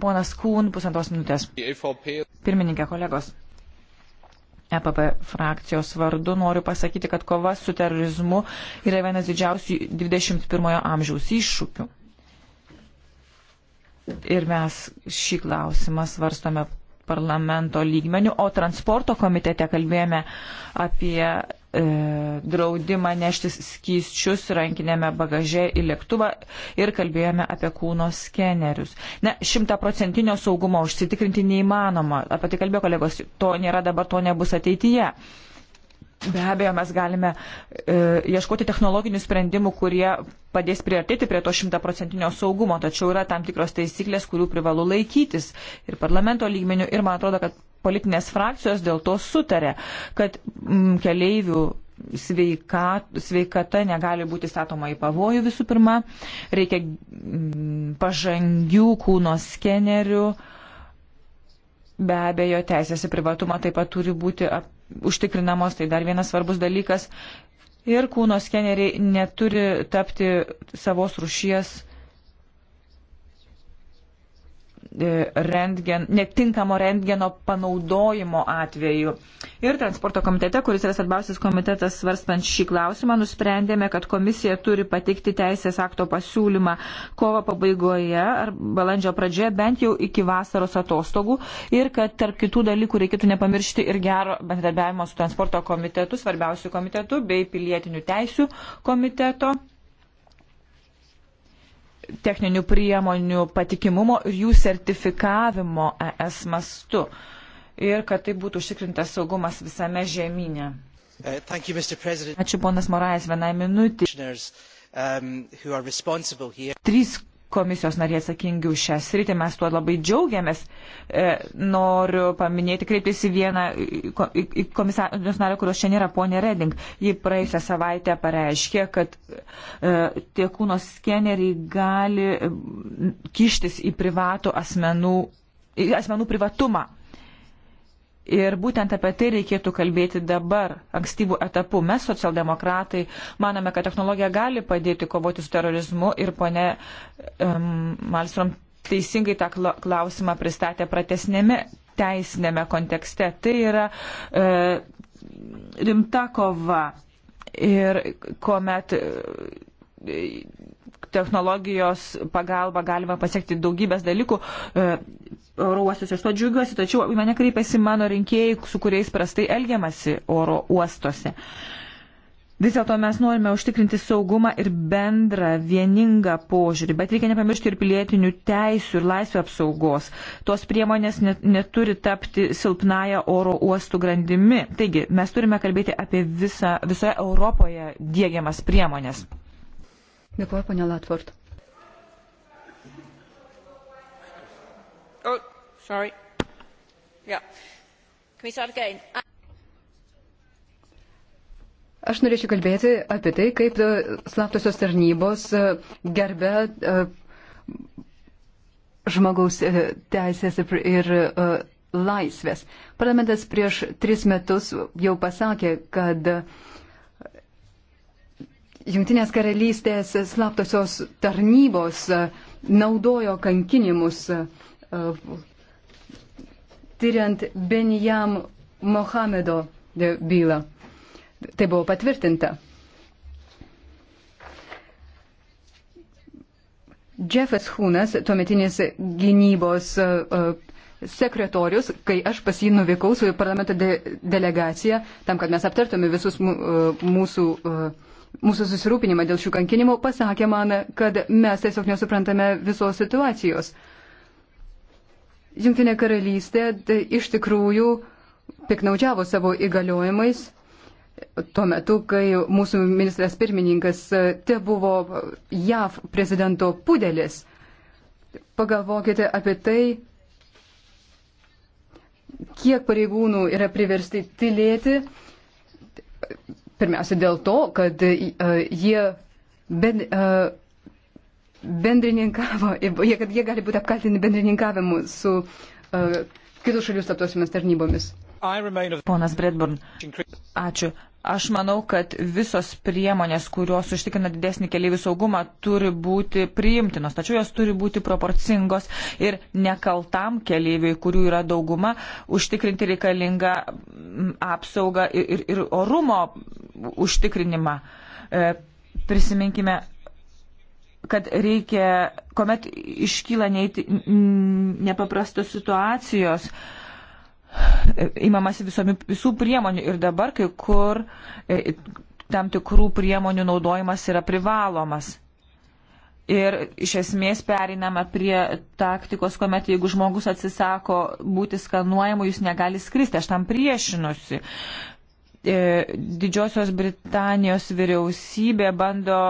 Ponas Kūn, pusantros minutės. Pirmininkė, kolegos. EPP frakcijos vardu noriu pasakyti, kad kova su terorizmu yra vienas didžiausių 21 amžiaus iššūkių. Ir mes šį klausimą svarstome parlamento lygmenių, o transporto komitete kalbėjome apie e, draudimą nešti skysčius rankinėme bagaže į lėktuvą ir kalbėjome apie kūno skenerius. Ne, šimtaprocentinio saugumo užsitikrinti neįmanoma. Apie tai kalbėjo kolegos, to nėra dabar, to nebus ateityje. E, Be abejo, mes galime e, ieškoti technologinių sprendimų, kurie padės priartėti prie to šimtaprocentinio saugumo, tačiau yra tam tikros taisyklės, kurių privalu laikytis ir parlamento lygmenių. Ir man atrodo, kad politinės frakcijos dėl to sutarė, kad m, mm, keleivių sveika, sveikata negali būti statoma į pavojų visų pirma, reikia m, mm, pažangių kūno skenerių. Be abejo, teisės į privatumą taip pat turi būti ap, užtikrinamos, tai dar vienas svarbus dalykas. Ir kūno skeneriai neturi tapti savos rušies E, rentgen, netinkamo rentgeno panaudojimo atveju. Ir transporto komitete, kuris yra svarbiausias komitetas svarstant šį klausimą, nusprendėme, kad komisija turi pateikti teisės akto pasiūlymą kovo pabaigoje ar balandžio pradžioje, bent jau iki vasaros atostogų ir kad tarp kitų dalykų reikėtų nepamiršti ir gero bendradarbiavimo su transporto komitetu, svarbiausių komitetų bei pilietinių teisių komiteto techninių priemonių patikimumo ir jų sertifikavimo ES mastu ir kad tai būtų užtikrintas saugumas visame žemynė. Uh, Ačiū ponas Morais, vienai minutį. Um, Trys komisijos nariai atsakingi už šią sritį, mes tuo labai džiaugiamės. E, noriu paminėti, kreiptis į vieną komisijos narį, kurios šiandien yra ponė Reding. Ji praėjusią savaitę pareiškė, kad e, tie kūno skeneriai gali kištis į privatų asmenų, į asmenų privatumą. Ir būtent apie tai reikėtų kalbėti dabar, ankstyvų etapų. Mes, socialdemokratai, manome, kad technologija gali padėti kovoti su terorizmu ir ponė um, Malstrom teisingai tą klausimą pristatė pratesnėme teisinėme kontekste. Tai yra e, rimta kova ir kuomet. E, technologijos pagalba galima pasiekti daugybės dalykų. E, oro uostuose aš to džiugiuosi, tačiau į mane kreipiasi mano rinkėjai, su kuriais prastai elgiamasi oro uostuose. Vis dėlto mes norime užtikrinti saugumą ir bendrą, vieningą požiūrį, bet reikia nepamiršti ir pilietinių teisų ir laisvių apsaugos. Tos priemonės net, neturi tapti silpnąją oro uostų grandimi. Taigi, mes turime kalbėti apie visą, visoje Europoje dėgiamas priemonės. Dėkuoju, ponia Latvort. Oh, sorry. Yeah. Can we start again? Aš norėčiau kalbėti apie tai, kaip e, slaptosios tarnybos e, gerbė e, žmogaus teisės ir laisvės. Parlamentas prieš tris metus jau pasakė, kad uh, Jungtinės karalystės slaptosios tarnybos e, naudojo kankinimus e, tyriant Benijam Mohamedo e, bylą. Tai buvo patvirtinta. Jeffas Hūnas, tuometinis gynybos sekretorius, kai aš pas jį nuvykau su parlamento de delegacija, tam, kad mes aptartume visus mūsų uh, mūsų susirūpinimą dėl šių kankinimų, pasakė man, kad mes tiesiog nesuprantame visos situacijos. Junktinė karalystė tai iš tikrųjų piknaudžiavo savo įgaliojimais tuo metu, kai mūsų ministras pirmininkas te buvo JAV prezidento pudelis. Pagalvokite apie tai, kiek pareigūnų yra priversti tylėti Pirmiausia dėl to, kad e, jie ben, e, bendrininkavo, e, kad jie gali būti apkaltinti bendrininkavimu su kitų šalių slaptosiomis tarnybomis. Ponas Bredburn, ačiū. Aš manau, kad visos priemonės, kurios užtikrina didesnį keliaivių saugumą, turi būti priimtinos, tačiau jos turi būti proporcingos ir nekaltam keliaiviui, kurių yra dauguma, užtikrinti reikalingą mm, apsaugą ir, ir, ir orumo užtikrinimą. E, prisiminkime kad reikia, kuomet iškyla neįti, nepaprastos situacijos, uh, imamasi visomi, visų priemonių ir dabar kai kur e, tam tikrų priemonių naudojimas yra privalomas. Ir iš esmės perinama prie taktikos, kuomet jeigu žmogus atsisako būti skanuojamu, jūs negali skristi. Aš tam priešinusi. E, Didžiosios Britanijos vyriausybė bando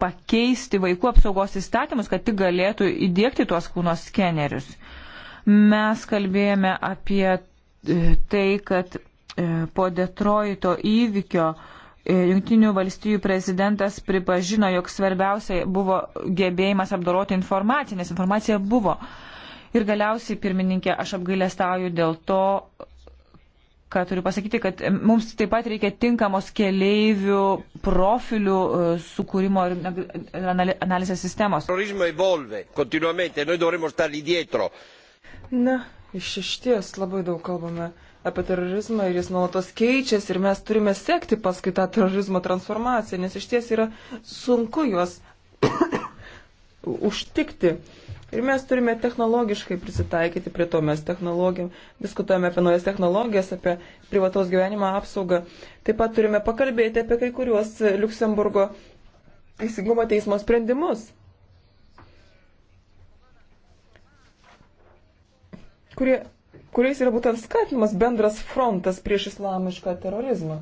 pakeisti vaikų apsaugos įstatymus, kad tik galėtų įdėkti tuos kūno skenerius. Mes kalbėjome apie e, tai, kad e, po Detroito įvykio e, Junktinių valstybių prezidentas pripažino, jog svarbiausia buvo gebėjimas apdoroti informaciją, nes informacija buvo. Ir galiausiai, pirmininkė, aš apgailestauju dėl to, ką turiu pasakyti, kad mums taip pat reikia tinkamos keleivių profilių sukūrimo ir analizės sistemos. Na, iš išties labai daug kalbame apie terorizmą ir jis nuolatos keičiasi ir mes turime sekti paskui tą terorizmo transformaciją, nes iš ties yra sunku juos užtikti. Ir mes turime technologiškai prisitaikyti prie to, mes technologijom diskutuojame apie naujas technologijas, apie privataus gyvenimo apsaugą. Taip pat turime pakalbėti apie kai kuriuos Luksemburgo teisingumo teismo sprendimus. kurie, kuriais yra būtent skatinamas bendras frontas prieš islamišką terorizmą.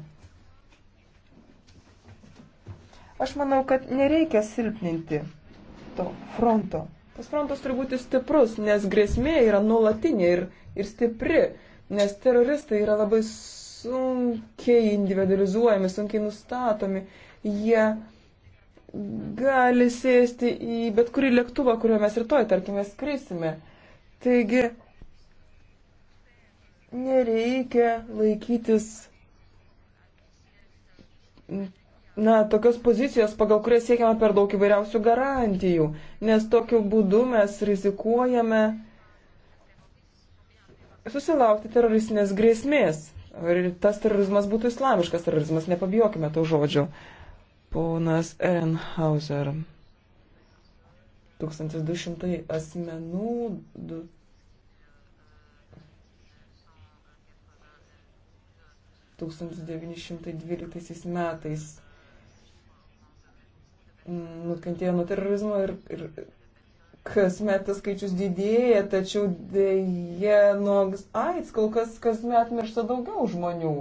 Aš manau, kad nereikia silpninti to fronto. Tas frontas turi būti stiprus, nes grėsmė yra nuolatinė ir, ir stipri, nes teroristai yra labai sunkiai individualizuojami, sunkiai nustatomi. Jie gali sėsti į bet kurį lėktuvą, kuriuo mes rytoj, tarkim, skrisime. Taigi nereikia laikytis na, tokios pozicijos, pagal kurią siekiama per daug įvairiausių garantijų, nes tokiu būdu mes rizikuojame susilaukti teroristinės grėsmės. Ir tas terorizmas būtų islamiškas terorizmas, nepabijokime to žodžio. Ponas Ehrenhauser. 1200 asmenų, 1912 metais. Nukentėjo nuo terorizmo ir, ir kasmet tas skaičius didėja, tačiau dėje nuo AIDS kol kas kasmet miršta daugiau žmonių.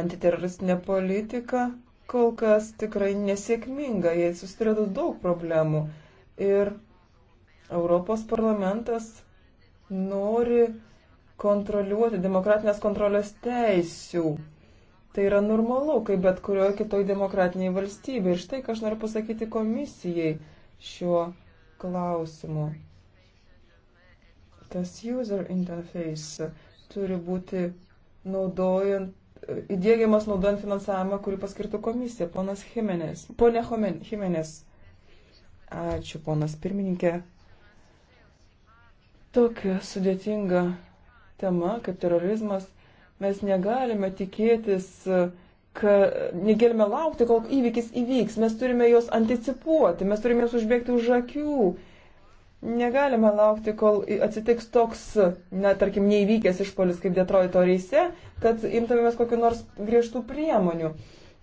Antiteroristinė politika kol kas tikrai nesėkminga, jie susirado daug problemų. Ir Europos parlamentas nori kontroliuoti demokratinės kontrolės teisių. Tai yra normalu, kaip bet kurioje kitoje demokratinėje valstybėje. Ir štai, ką aš noriu pasakyti komisijai šiuo klausimu. Tas user interface turi būti naudojant, įdėgiamas naudojant finansavimą, kurį paskirtų komisija. Ponas Jimenez. Pone Jimenez. Ačiū, ponas pirmininkė. Tokia sudėtinga tema kaip terorizmas, mes negalime tikėtis, kad negalime laukti, kol įvykis įvyks. Mes turime juos anticipuoti, mes turime juos užbėgti už akių. Negalime laukti, kol atsitiks toks, na, tarkim, neįvykęs išpolis kaip Detroito reise, kad imtumėmės kokiu nors griežtų priemonių.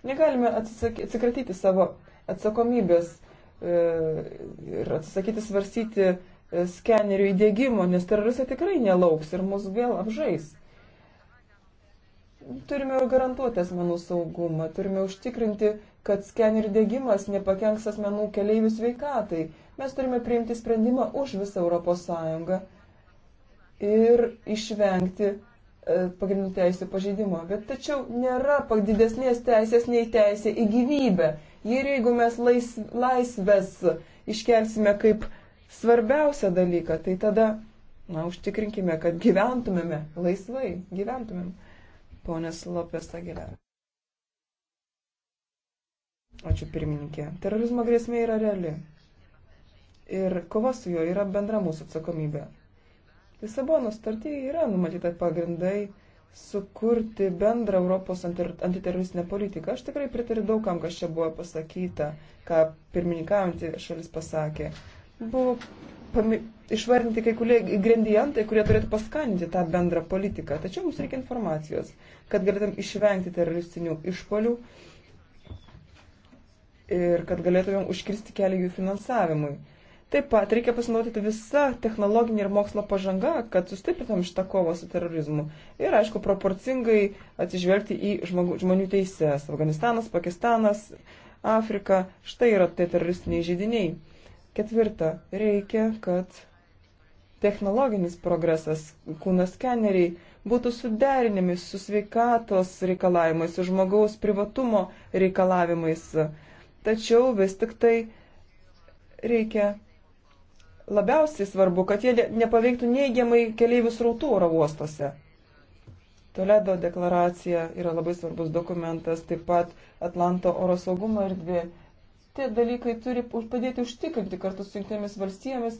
Negalime atsikratyti savo atsakomybės e, ir atsisakyti svarstyti skenerių įdėgymo, nes teroristai tikrai nelauks ir mus vėl apžais. Turime garantuoti asmenų saugumą, turime užtikrinti, kad skenerių dėgymas nepakenks asmenų keleivių sveikatai. Mes turime priimti sprendimą už visą Europos Sąjungą ir išvengti e, pagrindinių teisų pažeidimo. Bet tačiau nėra didesnės teisės nei teisė į gyvybę. Ir jeigu mes lais, laisvės iškelsime kaip uh, svarbiausią dalyką, tai tada na, užtikrinkime, kad gyventumėme laisvai, gyventumėm. Ponės Lopės Agelera. Ačiū pirmininkė. Terorizmo grėsmė yra reali. Ir kova su juo yra bendra mūsų atsakomybė. Lisabono sutartyje yra numatyta pagrindai sukurti bendrą Europos antiteroristinę politiką. Aš tikrai pritariu daugam, kas čia buvo pasakyta, ką pirmininkaujantį šalis pasakė buvo pami... išvardinti kai kurie ingredientai, kurie turėtų paskandinti tą bendrą politiką. Tačiau mums reikia informacijos, kad galėtum išvengti teroristinių išpolių ir kad galėtumėm užkirsti kelią jų finansavimui. Taip pat reikia pasinaudoti visą technologinį ir mokslo pažangą, kad sustiprintam šitą kovą su terorizmu. Ir, aišku, proporcingai atsižvelgti į žmogų, žmonių teises. Afganistanas, Pakistanas, Afrika - štai yra tie teroristiniai žydiniai. Ketvirta, reikia, kad technologinis progresas, kūno skeneriai būtų suderinami su sveikatos reikalavimais, su žmogaus privatumo reikalavimais. Tačiau vis tik tai reikia labiausiai svarbu, kad jie nepaveiktų neigiamai keliaivių srautų oro uostose. Toledo deklaracija yra labai svarbus dokumentas, taip pat Atlanto oro saugumo erdvė tie dalykai turi padėti užtikrinti kartu su jungtinėmis valstybėmis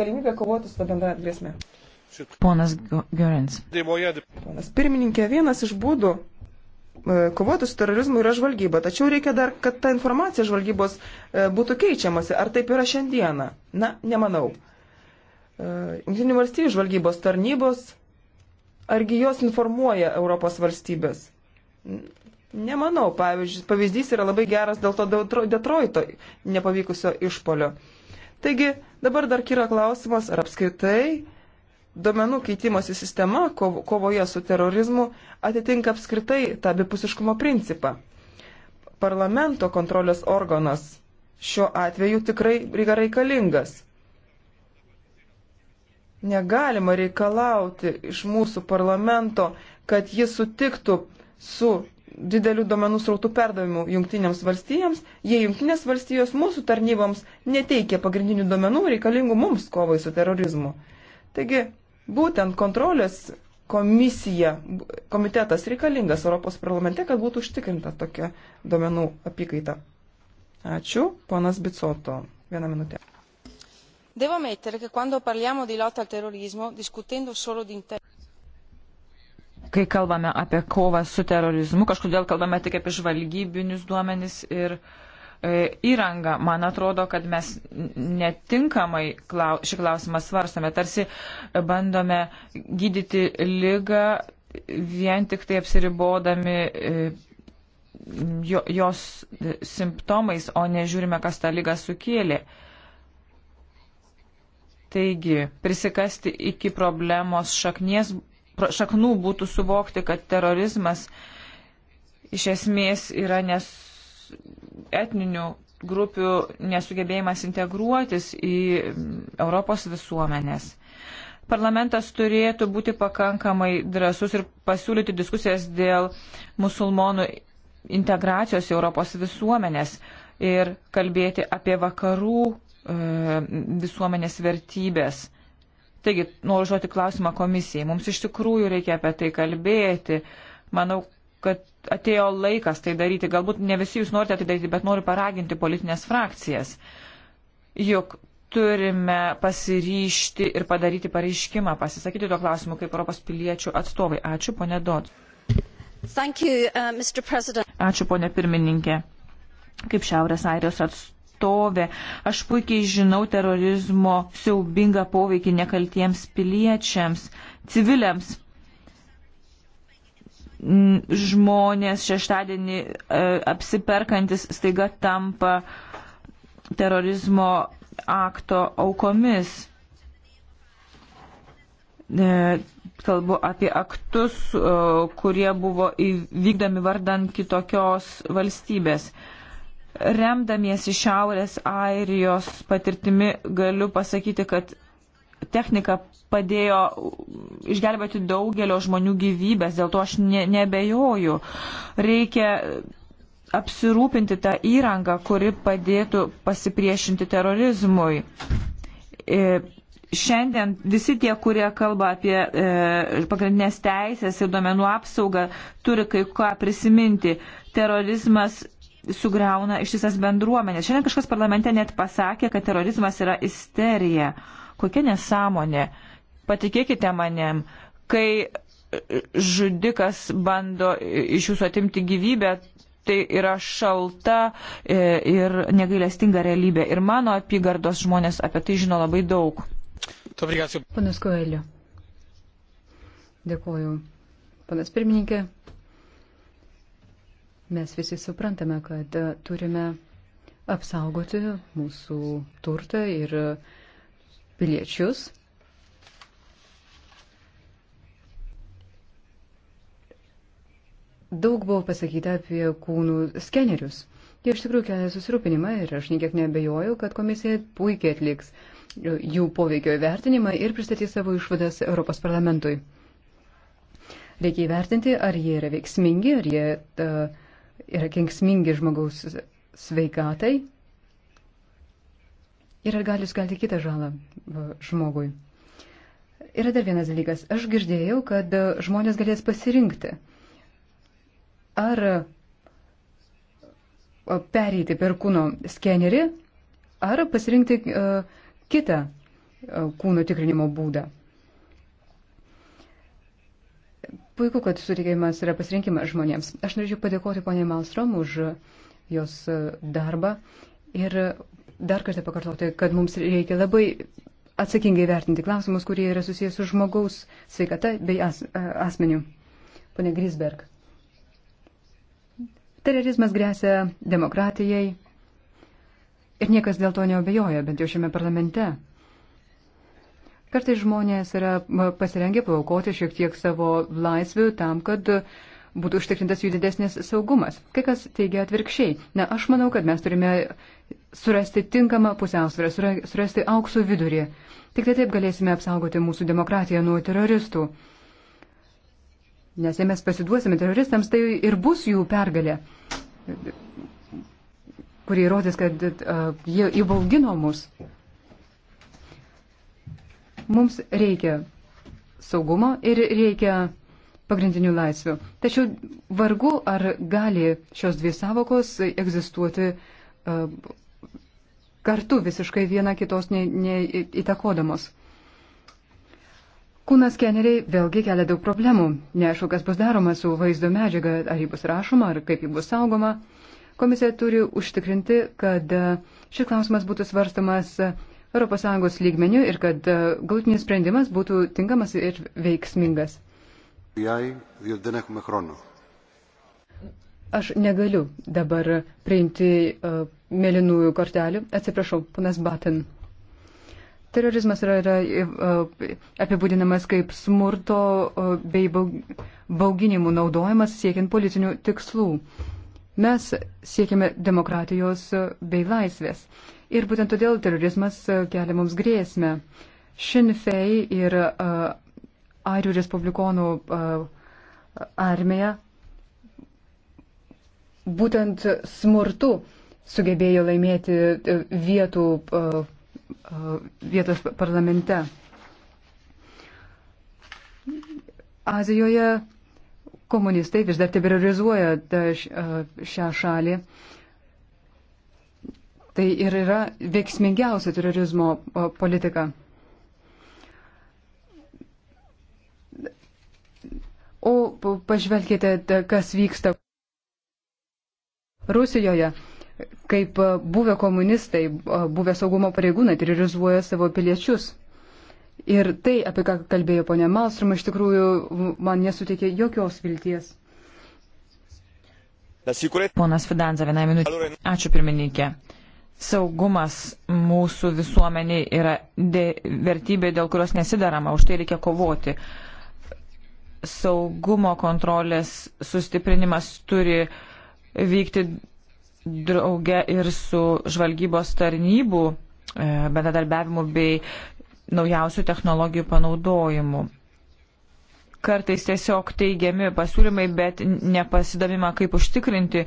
galimybę kovoti su tą bendrą grėsmę. Ponas Gerens. Ponas pirmininkė, vienas iš būdų e, kovoti su terorizmu yra žvalgyba, tačiau reikia dar, kad ta informacija žvalgybos e, būtų keičiamasi. Ar taip yra šiandieną? Na, nemanau. E, Junktinių valstybių žvalgybos tarnybos, argi jos informuoja Europos valstybės? Nemanau, pavyzdžiui, pavyzdys yra labai geras dėl to Detroito nepavykusio išpolio. Taigi dabar dar kyra klausimas, ar apskritai duomenų keitimosi sistema kovoje su terorizmu atitinka apskritai tą abipusiškumo principą. Parlamento kontrolės organas šiuo atveju tikrai yra reikalingas. Negalima reikalauti iš mūsų parlamento, kad jis sutiktų su didelių duomenų srautų perdavimų jungtinėms valstijams, jei jungtinės valstijos mūsų tarnyboms neteikia pagrindinių duomenų reikalingų mums kovai su terorizmu. Taigi, būtent kontrolės komisija, komitetas reikalingas Europos parlamente, kad būtų užtikrinta tokia duomenų apykaita. Ačiū, ponas Bicoto. Vieną minutę. Devo ammettere che quando parliamo di lotta al terrorismo, discutendo solo di interesse kai kalbame apie kovą su terorizmu, kažkodėl kalbame tik apie žvalgybinius duomenis ir e, įrangą. Man atrodo, kad mes netinkamai klau, šį klausimą svarstome, tarsi bandome gydyti lygą vien tik tai apsiribodami e, jo, jos simptomais, o nežiūrime, kas tą lygą sukėlė. Taigi, prisikasti iki problemos šaknies šaknų būtų suvokti, kad terorizmas iš esmės yra nes etninių grupių nesugebėjimas integruotis į Europos visuomenės. Parlamentas turėtų būti pakankamai drasus ir pasiūlyti diskusijas dėl musulmonų integracijos į Europos visuomenės ir kalbėti apie vakarų e, visuomenės vertybės. Taigi, noriu žodžiu klausimą komisijai. Mums iš tikrųjų reikia apie tai kalbėti. Manau, kad atėjo laikas tai daryti. Galbūt ne visi jūs norite tai daryti, bet noriu paraginti politinės frakcijas. Juk turime pasiryšti ir padaryti pareiškimą, pasisakyti tuo klausimu kaip Europos piliečių atstovai. Ačiū, ponė Dod. You, uh, Ačiū, ponė pirmininkė. Kaip Šiaurės Airijos atstovai atstovė. Aš puikiai žinau terorizmo siaubingą poveikį nekaltiems piliečiams, civiliams. Žmonės šeštadienį e, apsiperkantis staiga tampa terorizmo akto aukomis. E, kalbu apie aktus, e, kurie buvo įvykdomi vardan kitokios valstybės remdamiesi Šiaurės Airijos patirtimi galiu pasakyti, kad technika padėjo išgelbėti daugelio žmonių gyvybės, dėl to aš ne, nebejoju. Reikia apsirūpinti tą įrangą, kuri padėtų pasipriešinti terorizmui. E, šiandien visi tie, kurie kalba apie e, pagrindinės teisės ir duomenų apsaugą, turi kai ką prisiminti. Terorizmas sugriauna ištisas bendruomenės. Šiandien kažkas parlamente net pasakė, kad terorizmas yra isterija. Kokia nesąmonė. Patikėkite manim, kai e, žudikas bando iš jūsų atimti gyvybę, tai yra šalta e, ir negailestinga realybė. Ir mano apygardos žmonės apie tai žino labai daug. Panas Koelio. Dėkuoju. Panas pirmininkė, Mes visi suprantame, kad turime apsaugoti mūsų turtą ir piliečius. Daug buvo pasakyta apie kūnų skenerius. Jie iš tikrųjų kelia susirūpinimą ir aš niekiek nebejoju, kad komisija puikiai atliks jų poveikio įvertinimą ir pristatys savo išvadas Europos parlamentui. Reikia įvertinti, ar jie yra veiksmingi, ar jie uh, yra kengsmingi žmogaus sveikatai ir ar gali sukelti kitą žalą žmogui. Yra dar vienas dalykas. Aš girdėjau, kad žmonės galės pasirinkti, ar pereiti per kūno skenerį, ar pasirinkti uh, kitą uh, kūno tikrinimo būdą. Puiku, kad suteikiamas yra pasirinkimas žmonėms. Aš norėčiau padėkoti poniai Malstrom už jos darbą ir dar kartą pakartoti, kad mums reikia labai atsakingai vertinti klausimus, kurie yra susijęs su žmogaus sveikata bei as, asmeniu. Pone Grisberg. Terorizmas grėsia demokratijai ir niekas dėl to neobejoja, bent jau šiame parlamente. Kartai žmonės yra pasirengę paaukoti šiek tiek savo laisvių tam, kad būtų užtikrintas jų didesnis saugumas. Kai kas teigia atvirkščiai. Na, aš manau, kad mes turime surasti tinkamą pusiausvyrą, surasti aukso vidurį. Tik tai taip galėsime apsaugoti mūsų demokratiją nuo teroristų. Nes jei mes pasiduosime teroristams, tai ir bus jų pergalė, kurie įrodys, kad uh, jie įbaugino mus. Mums reikia saugumo ir reikia pagrindinių laisvių. Tačiau vargu ar gali šios dvi savokos egzistuoti e, kartu visiškai viena kitos neįtakodamos. Ne, ne Kūno skeneriai vėlgi kelia daug problemų. Neaišku, kas bus daroma su vaizdo medžiaga, ar ji bus rašoma, ar kaip ji bus saugoma. Komisija turi užtikrinti, kad šis klausimas būtų svarstamas ES lygmenių ir kad e, galutinis sprendimas būtų tinkamas ir veiksmingas. Aš negaliu dabar priimti uh, mėlynųjų kortelių. Atsiprašau, panas Batin. Terorizmas yra, yra uh, apibūdinamas kaip smurto uh, bei bauginimų naudojimas siekiant politinių tikslų. Mes siekime demokratijos bei laisvės. Uh, ir būtent todėl terorizmas e, kelia mums grėsmę. Sinn Fei ir uh, Airių Respublikonų uh, armija būtent smurtu sugebėjo laimėti vietų, uh, vietos parlamente. Azijoje komunistai vis dar terrorizuoja šią šalį. Uh, Tai ir yra veiksmingiausia terorizmo politika. O pažvelkite, kas vyksta Rusijoje, kaip e, buvę komunistai, e, buvę saugumo pareigūnai terrorizuoja savo piliečius. Ir tai, apie ką kalbėjo ponė Malstrom, iš tikrųjų man nesuteikė jokios vilties. Ponas Fidanza, vienai minutė. Ačiū pirmininkė. Saugumas mūsų visuomeniai yra de, vertybė, dėl kurios nesidarama, už tai reikia kovoti. Saugumo kontrolės sustiprinimas turi vykti drauge ir su žvalgybos tarnybų e, bendradarbiavimu bei naujausių technologijų panaudojimu kartais tiesiog teigiami pasiūlymai, bet nepasidavimą, kaip užtikrinti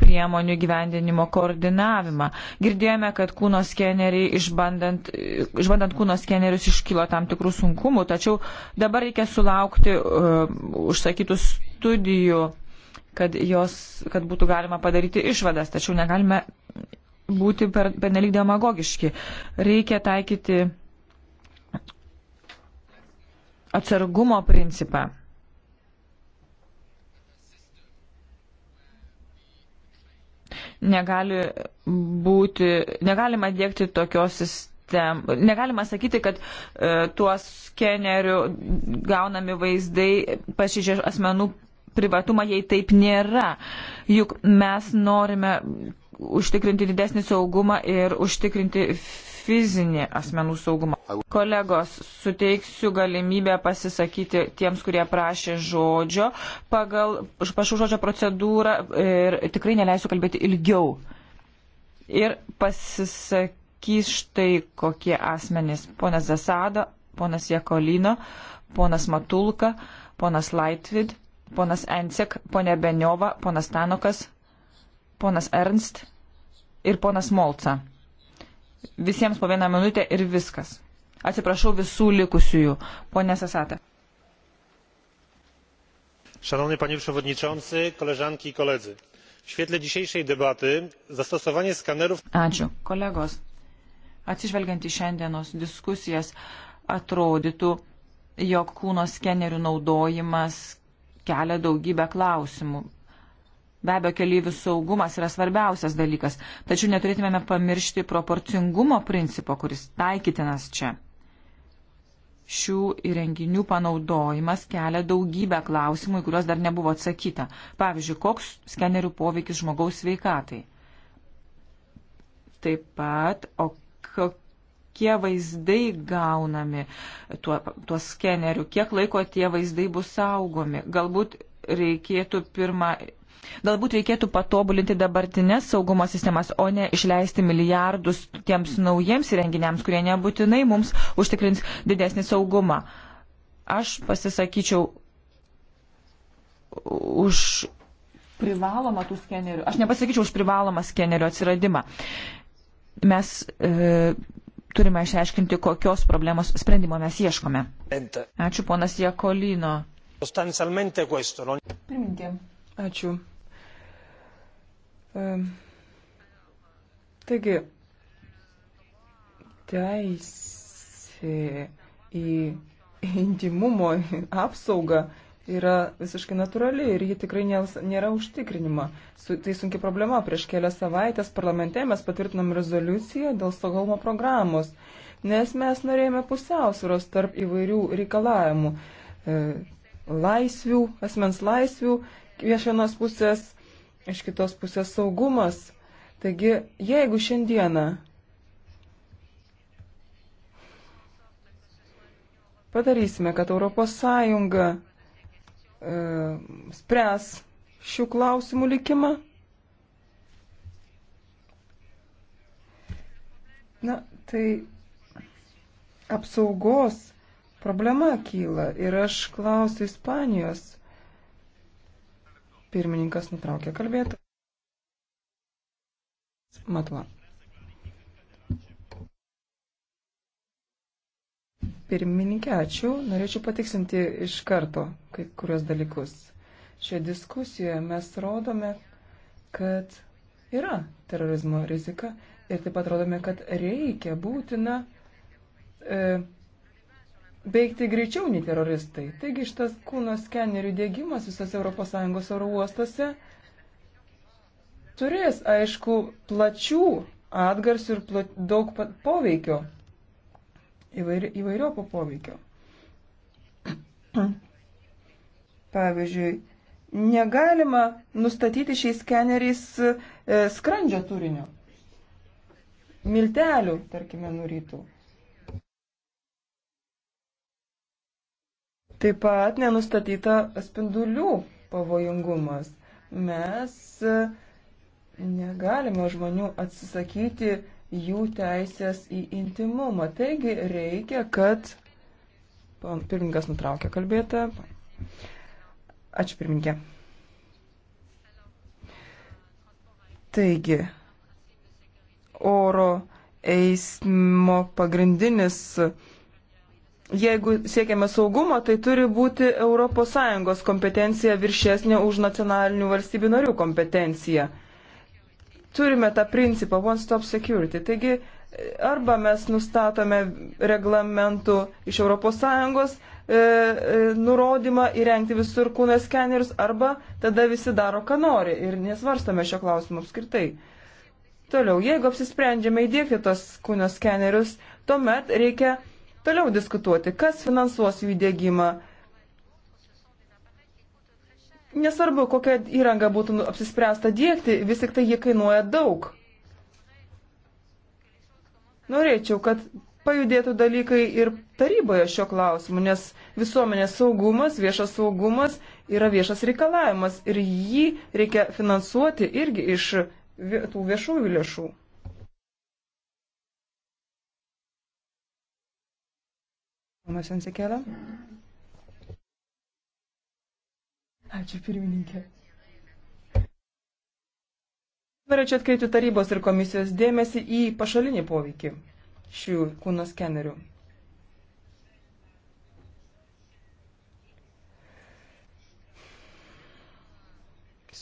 priemonių gyvendinimo koordinavimą. Girdėjome, kad kūno skeneriai, išbandant, išbandant kūno skenerius, iškylo tam tikrų sunkumų, tačiau dabar reikia sulaukti uh, užsakytų studijų, kad, jos, kad būtų galima padaryti išvadas, tačiau negalime būti per, per nelik demagogiški. Reikia taikyti atsargumo principą. Negali būti, negalima dėkti tokios sistemos, negalima sakyti, kad e, tuos skenerių gaunami vaizdai pažydžia asmenų privatumą, jei taip nėra. Juk mes norime užtikrinti didesnį saugumą ir užtikrinti fizinį asmenų saugumą. Kolegos, suteiksiu galimybę pasisakyti tiems, kurie prašė žodžio pagal pašų žodžio procedūrą ir tikrai neleisiu kalbėti ilgiau. Ir pasisakys štai kokie asmenys. Ponas Zasada, ponas Jekolino, ponas Matulka, ponas Laitvid, ponas Encek, ponė Beniova, ponas Tanokas, ponas Ernst ir ponas Molca visiems po vieną minutę ir viskas. Atsiprašau visų likusiųjų. Pone Sasata. Szanowny panie przewodniczący, koleżanki i koledzy. W świetle dzisiejszej debaty zastosowanie skanerów. Ačiū, kolegos. Atsižvelgiant į šiandienos diskusijas, atrodytų, jog kūno skenerių naudojimas kelia daugybę klausimų. Be abejo, keleivių saugumas yra svarbiausias dalykas, tačiau neturėtumėme pamiršti proporcingumo principo, kuris taikytinas čia. Šių įrenginių panaudojimas kelia daugybę klausimų, į kuriuos dar nebuvo atsakyta. Pavyzdžiui, koks skenerių poveikis žmogaus sveikatai. Taip pat, o kokia kokie vaizdai gaunami tuo, tuo skeneriu, kiek laiko tie vaizdai bus saugomi. Galbūt reikėtų pirmą Galbūt reikėtų patobulinti dabartinės saugumo sistemas, o ne išleisti milijardus tiems naujiems įrenginiams, kurie nebūtinai mums užtikrins didesnį saugumą. Aš pasisakyčiau už privalomą tų skenerių. Aš nepasakyčiau už privalomą skenerių atsiradimą. Mes e, turime išaiškinti, kokios problemos sprendimo mes ieškome. Ačiū ponas Jekolino. Pirmininkė, ačiū. Taigi, teisė į intimumo apsaugą yra visiškai natūrali ir ji tikrai nėra užtikrinima. Su, tai sunki problema. Prieš kelias savaitės parlamente mes patvirtinom rezoliuciją dėl Stokholmo programos, nes mes norėjome pusiausvėros tarp įvairių reikalavimų. E, laisvių, asmens laisvių iš vienos pusės iš kitos pusės saugumas. Taigi, jeigu šiandieną padarysime, kad ES e, spręs šių klausimų likimą, na, tai apsaugos problema kyla. Ir aš klausiu Ispanijos Pirmininkas nutraukė kalbėti. Matva. Pirmininkė, ačiū. Norėčiau patiksinti iš karto kai kurios dalykus. Šioje diskusijoje mes rodome, kad yra terorizmo rizika ir taip pat rodome, kad reikia būtina e, veikti greičiau nei teroristai. Taigi šitas kūno skenerių dėgymas visose ES oro uostose turės, aišku, plačių atgarsių ir pla daug poveikio, įvairi įvairiopo poveikio. Pavyzdžiui, negalima nustatyti šiais skeneriais e, skrandžio turinio, miltelių, tarkime, nurytų. Taip pat nenustatyta spindulių pavojingumas. Mes e, negalime žmonių atsisakyti jų teisės į intimumą. Taigi reikia, kad. Pirmininkas nutraukė kalbėtą. Ačiū pirmininkė. Taigi, oro eismo pagrindinis jeigu siekiame saugumo, tai turi būti ES kompetencija viršesnė už nacionalinių valstybių narių kompetenciją. Turime tą principą One Stop Security. Taigi, arba mes nustatome reglamentų iš ES e, e, nurodymą įrengti visur kūno skenerius, arba tada visi daro, ką nori ir nesvarstame šio klausimo apskritai. Toliau, jeigu apsisprendžiame įdėkti tos kūno skenerius, tuomet reikia toliau diskutuoti, kas finansuos jų įdėgymą. Nesvarbu, kokią įrangą būtų apsispręsta dėkti, vis tik tai jie kainuoja daug. Norėčiau, kad pajudėtų dalykai ir taryboje šio klausimu, nes visuomenės saugumas, viešas saugumas yra viešas reikalavimas ir jį reikia finansuoti irgi iš tų viešųjų lėšų. Ponas Ansikėlė. Ačiū pirmininkė. Norėčiau atkreipti tarybos ir komisijos dėmesį į pašalinį poveikį šių kūno skenerių.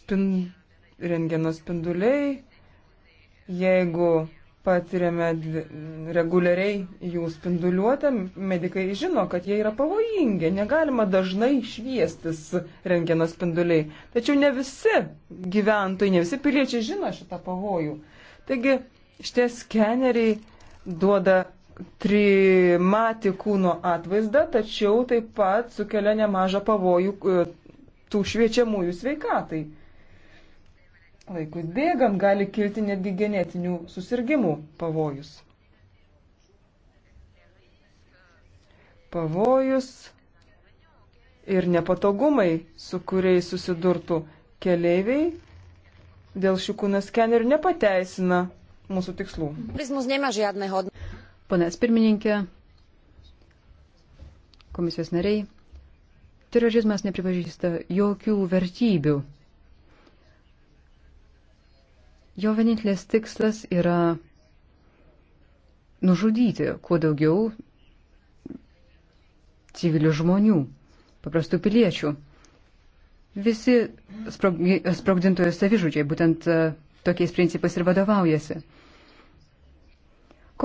Spin... Rengeno spinduliai, jeigu patiriame reguliariai jų spinduliuotę, medikai žino, kad jie yra pavojingi, negalima dažnai šviestis rengeno spinduliai. Tačiau ne visi gyventojai, ne visi piliečiai žino šitą pavojų. Taigi šitie skeneriai duoda trimatį kūno atvaizdą, tačiau taip pat sukelia nemažą pavojų e, tų šviečiamųjų sveikatai. Laikui bėgant gali kilti netgi genetinių susirgymų pavojus. Pavojus ir nepatogumai, su kuriais susidurtų keleiviai, dėl šių kūno skenerių nepateisina mūsų tikslų. Ponas pirmininkė, komisijos nariai, terorizmas nepripažįsta jokių vertybių. Jo vienintelis tikslas yra nužudyti kuo daugiau civilių žmonių, paprastų piliečių. Visi sprogdintojų savižudžiai būtent e, tokiais principais ir vadovaujasi.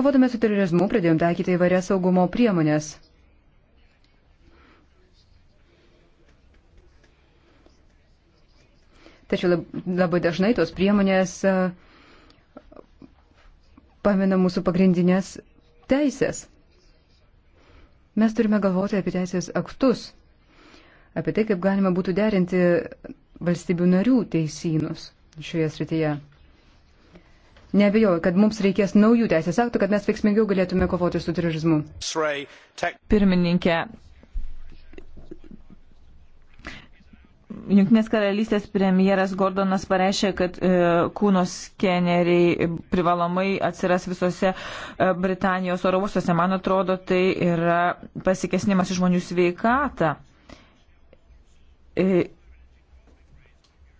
Kovodami su terorizmu pradėjom taikyti įvairias saugumo priemonės. Tačiau labai dažnai tos priemonės e, pamina mūsų pagrindinės teisės. Mes turime galvoti apie teisės aktus, apie tai, kaip galima būtų derinti valstybių narių teisynus šioje srityje. Nebejoju, kad mums reikės naujų teisės aktų, kad mes veiksmingiau galėtume kovoti su terorizmu. Pirmininkė, Junktinės karalystės premjeras Gordonas pareiškė, kad e, kūno skeneriai privalomai atsiras visose e, Britanijos oro uostuose. Man atrodo, tai yra pasikesnimas į žmonių sveikatą. E,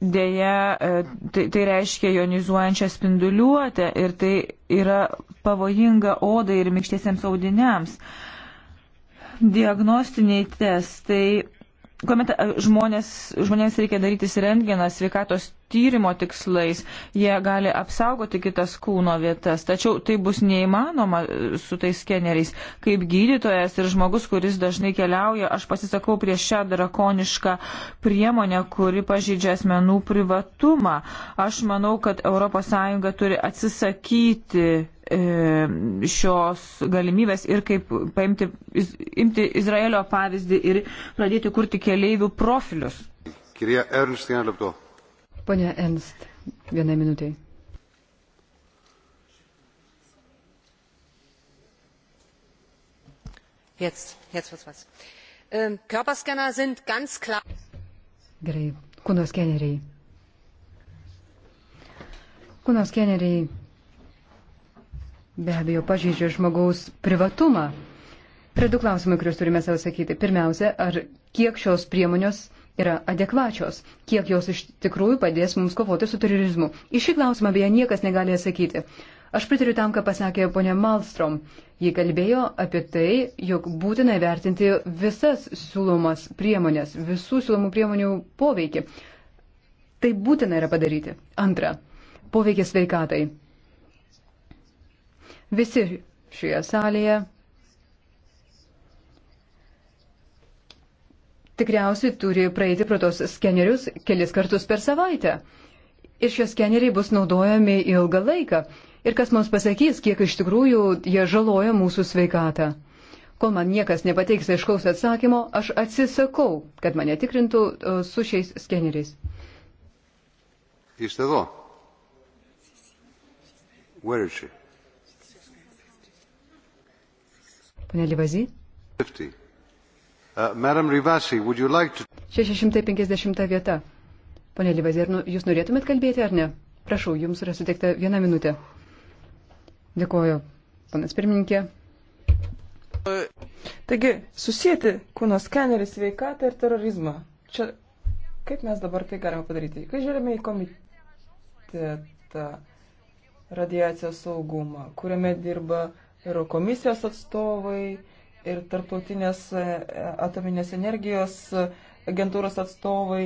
Deja, e, tai, tai reiškia jonizuojančią spinduliuotę ir tai yra pavojinga odai ir mikštiesiems audiniams. Diagnostiniai testai kuomet e, žmonės, žmonėms reikia daryti rengeną sveikatos tyrimo tikslais, jie gali apsaugoti kitas kūno vietas, tačiau tai bus neįmanoma e, su tais skeneriais. Kaip gydytojas ir žmogus, kuris dažnai keliauja, aš pasisakau prieš šią drakonišką priemonę, kuri pažydžia asmenų privatumą. Aš manau, kad ES turi atsisakyti E, šios galimybės ir kaip paimti, imti Izraelio pavyzdį ir pradėti kurti keleivių profilius. Kirie Ernst, vieną lėpto. Pone Ernst, vieną minutę. Jetzt, jetzt wird's was. Ähm, Körperscanner sind ganz klar. Gerai, kūno skeneriai. Kūno skeneriai be abejo pažeidžia žmogaus privatumą. Yra du klausimai, kuriuos turime savo sakyti. Pirmiausia, ar kiek šios priemonės yra adekvačios, kiek jos iš tikrųjų padės mums kovoti su terorizmu. Į šį klausimą beje niekas negali atsakyti. Aš pritariu tam, ką pasakė ponė Malstrom. Ji kalbėjo apie tai, jog būtina vertinti visas siūlomas priemonės, visų siūlomų priemonių poveikį. Tai būtina yra padaryti. Antra, poveikis sveikatai visi šioje salėje tikriausiai turi praeiti pro tos skenerius kelis kartus per savaitę. Ir šie skeneriai bus naudojami ilgą laiką. Ir kas mums pasakys, kiek iš tikrųjų jie žaloja mūsų sveikatą. Kol man niekas nepateiks aiškaus atsakymo, aš atsisakau, kad mane tikrintų su šiais skeneriais. Iš tavo. Where is she? Pone Livazy. 50. Uh, Rivasi, like to... 650 vieta. Pone Livazy, ar nu, jūs norėtumėt kalbėti ar ne? Prašau, jums yra suteikta viena minutė. Dėkuoju, panas pirmininkė. Taigi, susijęti kūno skenerį sveikatą ir terorizmą. Čia kaip mes dabar tai galime padaryti? Kai žiūrime į komitetą radiacijos saugumą, kuriame dirba ir komisijos atstovai, ir tarptautinės e, atominės energijos e, agentūros atstovai.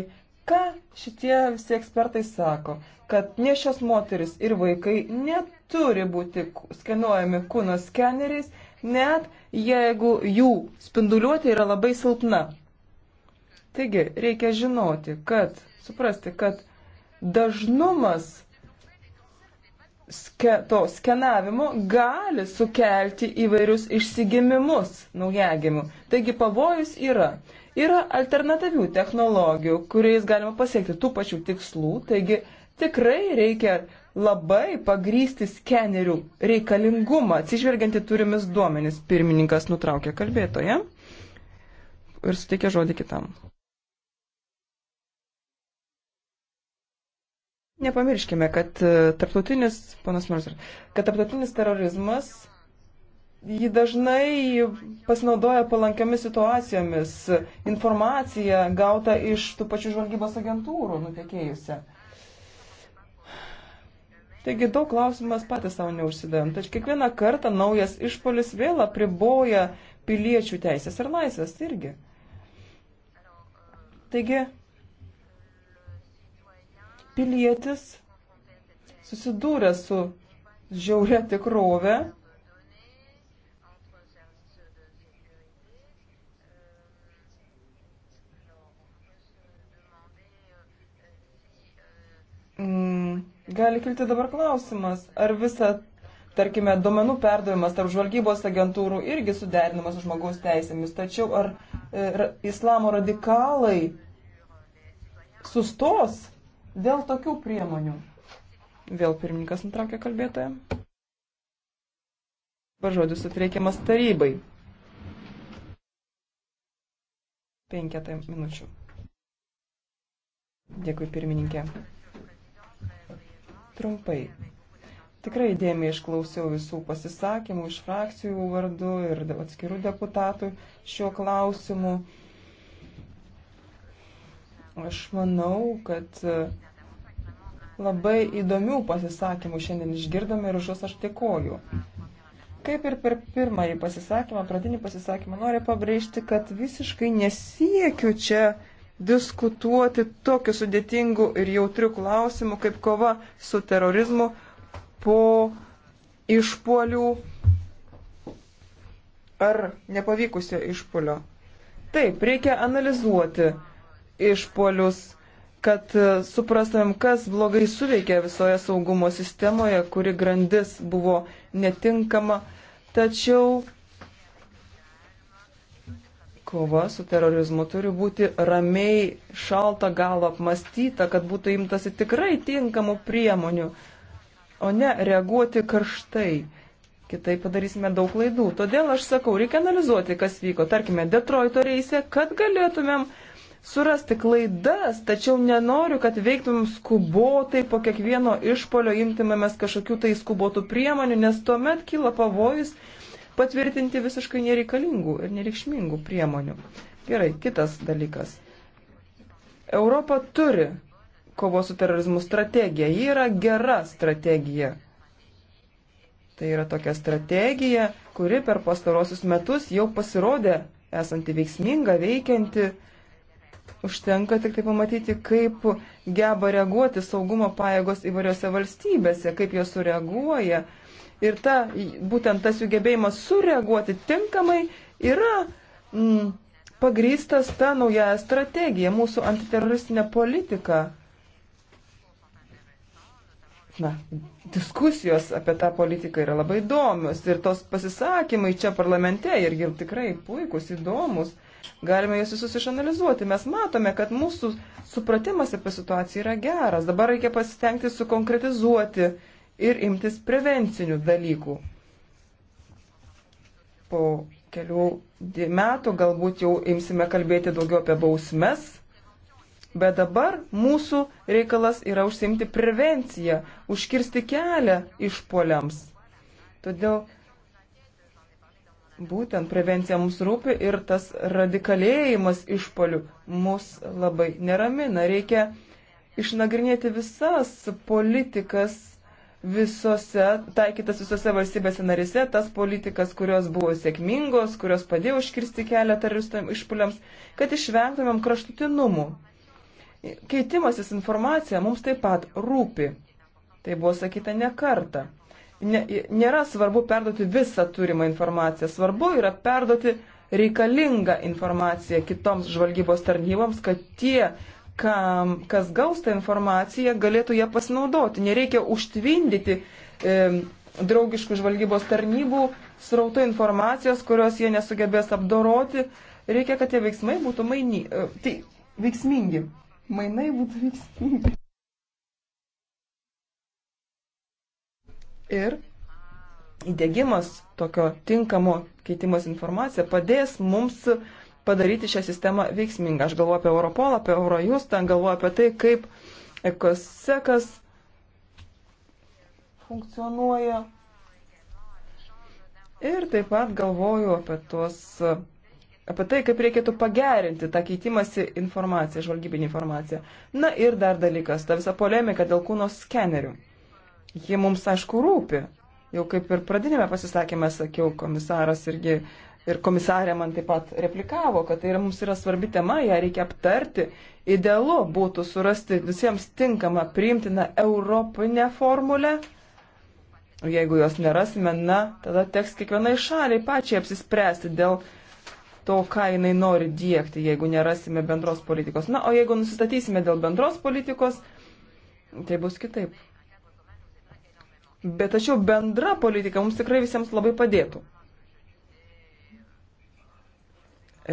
Ką šitie visi ekspertai sako? Kad nešios moteris ir vaikai neturi būti skenuojami kūno skeneriais, net jeigu jų spinduliuotė yra labai silpna. Taigi, reikia žinoti, kad, suprasti, kad dažnumas ske, to skenavimo gali sukelti įvairius išsigimimus naujagimių. Taigi pavojus yra. Yra alternatyvių technologijų, kuriais galima pasiekti tų pačių tikslų, taigi tikrai reikia labai pagrysti skenerių reikalingumą, atsižvelgianti turimis duomenis, pirmininkas nutraukė kalbėtoje ir suteikė žodį kitam. Nepamirškime, kad e, tarptautinis, panas Marzar, kad tarptautinis terorizmas jį dažnai pasinaudoja palankiomis situacijomis, informacija gauta iš tų pačių žvalgybos agentūrų nutekėjusią. Taigi daug klausimas patys savo neužsidavėm. Tačiau kiekvieną kartą naujas išpolis vėl apriboja piliečių teisės ir laisvės irgi. Taigi pilietis susidūrė su žiauria tikrove. Mm, gali kilti dabar klausimas, ar visa, tarkime, duomenų perdavimas tarp žvalgybos agentūrų irgi suderinamas su žmogaus teisėmis, tačiau ar e, ra, islamo radikalai sustos Dėl tokių priemonių. Vėl pirmininkas nutraukė kalbėtoją. Pažodis sutreikiamas tarybai. Penketą minučių. Dėkui pirmininkė. Trumpai. Tikrai dėmiai išklausiau visų pasisakymų iš frakcijų vardų ir atskirų deputatų šiuo klausimu. Aš manau, kad e, labai įdomių pasisakymų šiandien išgirdome ir už juos aš dėkoju. Kaip ir per pirmąjį pasisakymą, pradinį pasisakymą, noriu pabrėžti, kad visiškai nesiekiu čia diskutuoti tokiu sudėtingu ir jautriu klausimu, kaip kova su terorizmu po išpolių ar nepavykusio išpolio. Taip, reikia analizuoti išpolius, kad e, suprastumėm, kas blogai suveikė visoje saugumo sistemoje, kuri grandis buvo netinkama. Tačiau kova su terorizmu turi būti ramiai, šalta galva apmastyta, kad būtų imtasi tikrai tinkamų priemonių, o ne reaguoti karštai. Kitaip padarysime daug klaidų. Todėl aš sakau, reikia analizuoti, kas vyko, tarkime, Detroito reise, kad galėtumėm uh, surasti klaidas, tačiau nenoriu, kad veiktumėm skubotai, po kiekvieno išpolio imtumėmės kažkokių tai skubotų priemonių, nes tuomet kyla pavojus patvirtinti visiškai nereikalingų ir nereikšmingų priemonių. Gerai, kitas dalykas. Europa turi kovos su terorizmu strategiją. Ji yra gera strategija. Tai yra tokia strategija, kuri per pastarosius metus jau pasirodė esanti veiksminga, veikianti Užtenka tik tai pamatyti, kaip geba reaguoti saugumo pajėgos įvairiose valstybėse, kaip jos sureaguoja. Ir ta, būtent tas jų gebėjimas sureaguoti tinkamai yra mm, pagrystas ta nauja strategija, mūsų antiteroristinė politika. Na, diskusijos apie tą politiką yra labai įdomios ir tos pasisakymai čia parlamente irgi tikrai puikus, įdomus. Galime juos visus išanalizuoti. Mes matome, kad mūsų supratimas apie situaciją yra geras. Dabar reikia pasistengti sukonkretizuoti ir imtis prevencinių dalykų. Po kelių metų galbūt jau imsime kalbėti daugiau apie bausmes, bet dabar mūsų reikalas yra užsimti prevenciją, užkirsti kelią išpoliams. Todėl Būtent prevencija mums rūpi ir tas radikalėjimas išpolių mus labai neramina. Reikia išnagrinėti visas politikas visose, taikytas visose valstybėse narise, tas politikas, kurios buvo sėkmingos, kurios padėjo užkirsti kelią teroristam išpuliams, kad išvengtumėm kraštutinumų. Keitimasis informacija mums taip pat rūpi. Tai buvo sakyta ne kartą nėra svarbu perduoti visą turimą informaciją, svarbu yra perduoti reikalingą informaciją kitoms žvalgybos tarnyboms, kad tie, kam, kas gaus tą informaciją, galėtų ją pasinaudoti. Nereikia užtvindyti e, draugiškų žvalgybos tarnybų srauto informacijos, kurios jie nesugebės apdoroti. Reikia, kad tie veiksmai būtų maini, e, tai, veiksmingi. Mainai būtų veiksmingi. ir įdėgymas tokio tinkamo keitimas informacija padės mums padaryti šią sistemą veiksmingą. Aš galvoju apie Europolą, apie Eurojustą, galvoju apie tai, kaip ekosekas funkcionuoja. Ir taip pat galvoju apie tuos apie tai, kaip reikėtų pagerinti tą keitimąsi informaciją, žvalgybinį informaciją. Na ir dar dalykas, ta visa polemika dėl kūno skenerių. Ji mums, aišku, rūpi. Jau kaip ir pradinėme pasisakymė sakiau, komisaras irgi ir komisarė man taip pat replikavo, kad tai yra, mums yra svarbi tema, ją reikia aptarti. Idealu būtų surasti visiems tinkamą, priimtiną europinę formulę. O jeigu jos nerasime, na, tada teks kiekvienai šaliai pačiai apsispręsti dėl to, ką jinai nori dėkti, jeigu nerasime bendros politikos. Na, o jeigu nusistatysime dėl bendros politikos, tai bus kitaip. Bet tačiau bendra politika mums tikrai visiems labai padėtų.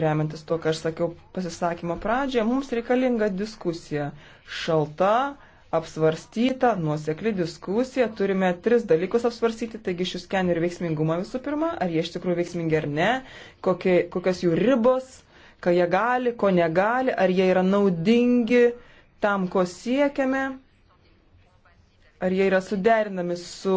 Remiantis to, ką aš sakiau pasisakymo pradžioje, mums reikalinga diskusija. Šalta, apsvarstyta, nuosekli diskusija. Turime tris dalykus apsvarstyti, taigi šių skenerių veiksmingumą visų pirma, ar jie iš tikrųjų veiksmingi ar ne, kokie, kokios jų ribos, ką jie gali, ko negali, ar jie yra naudingi tam, ko siekiame ar jie yra suderinami su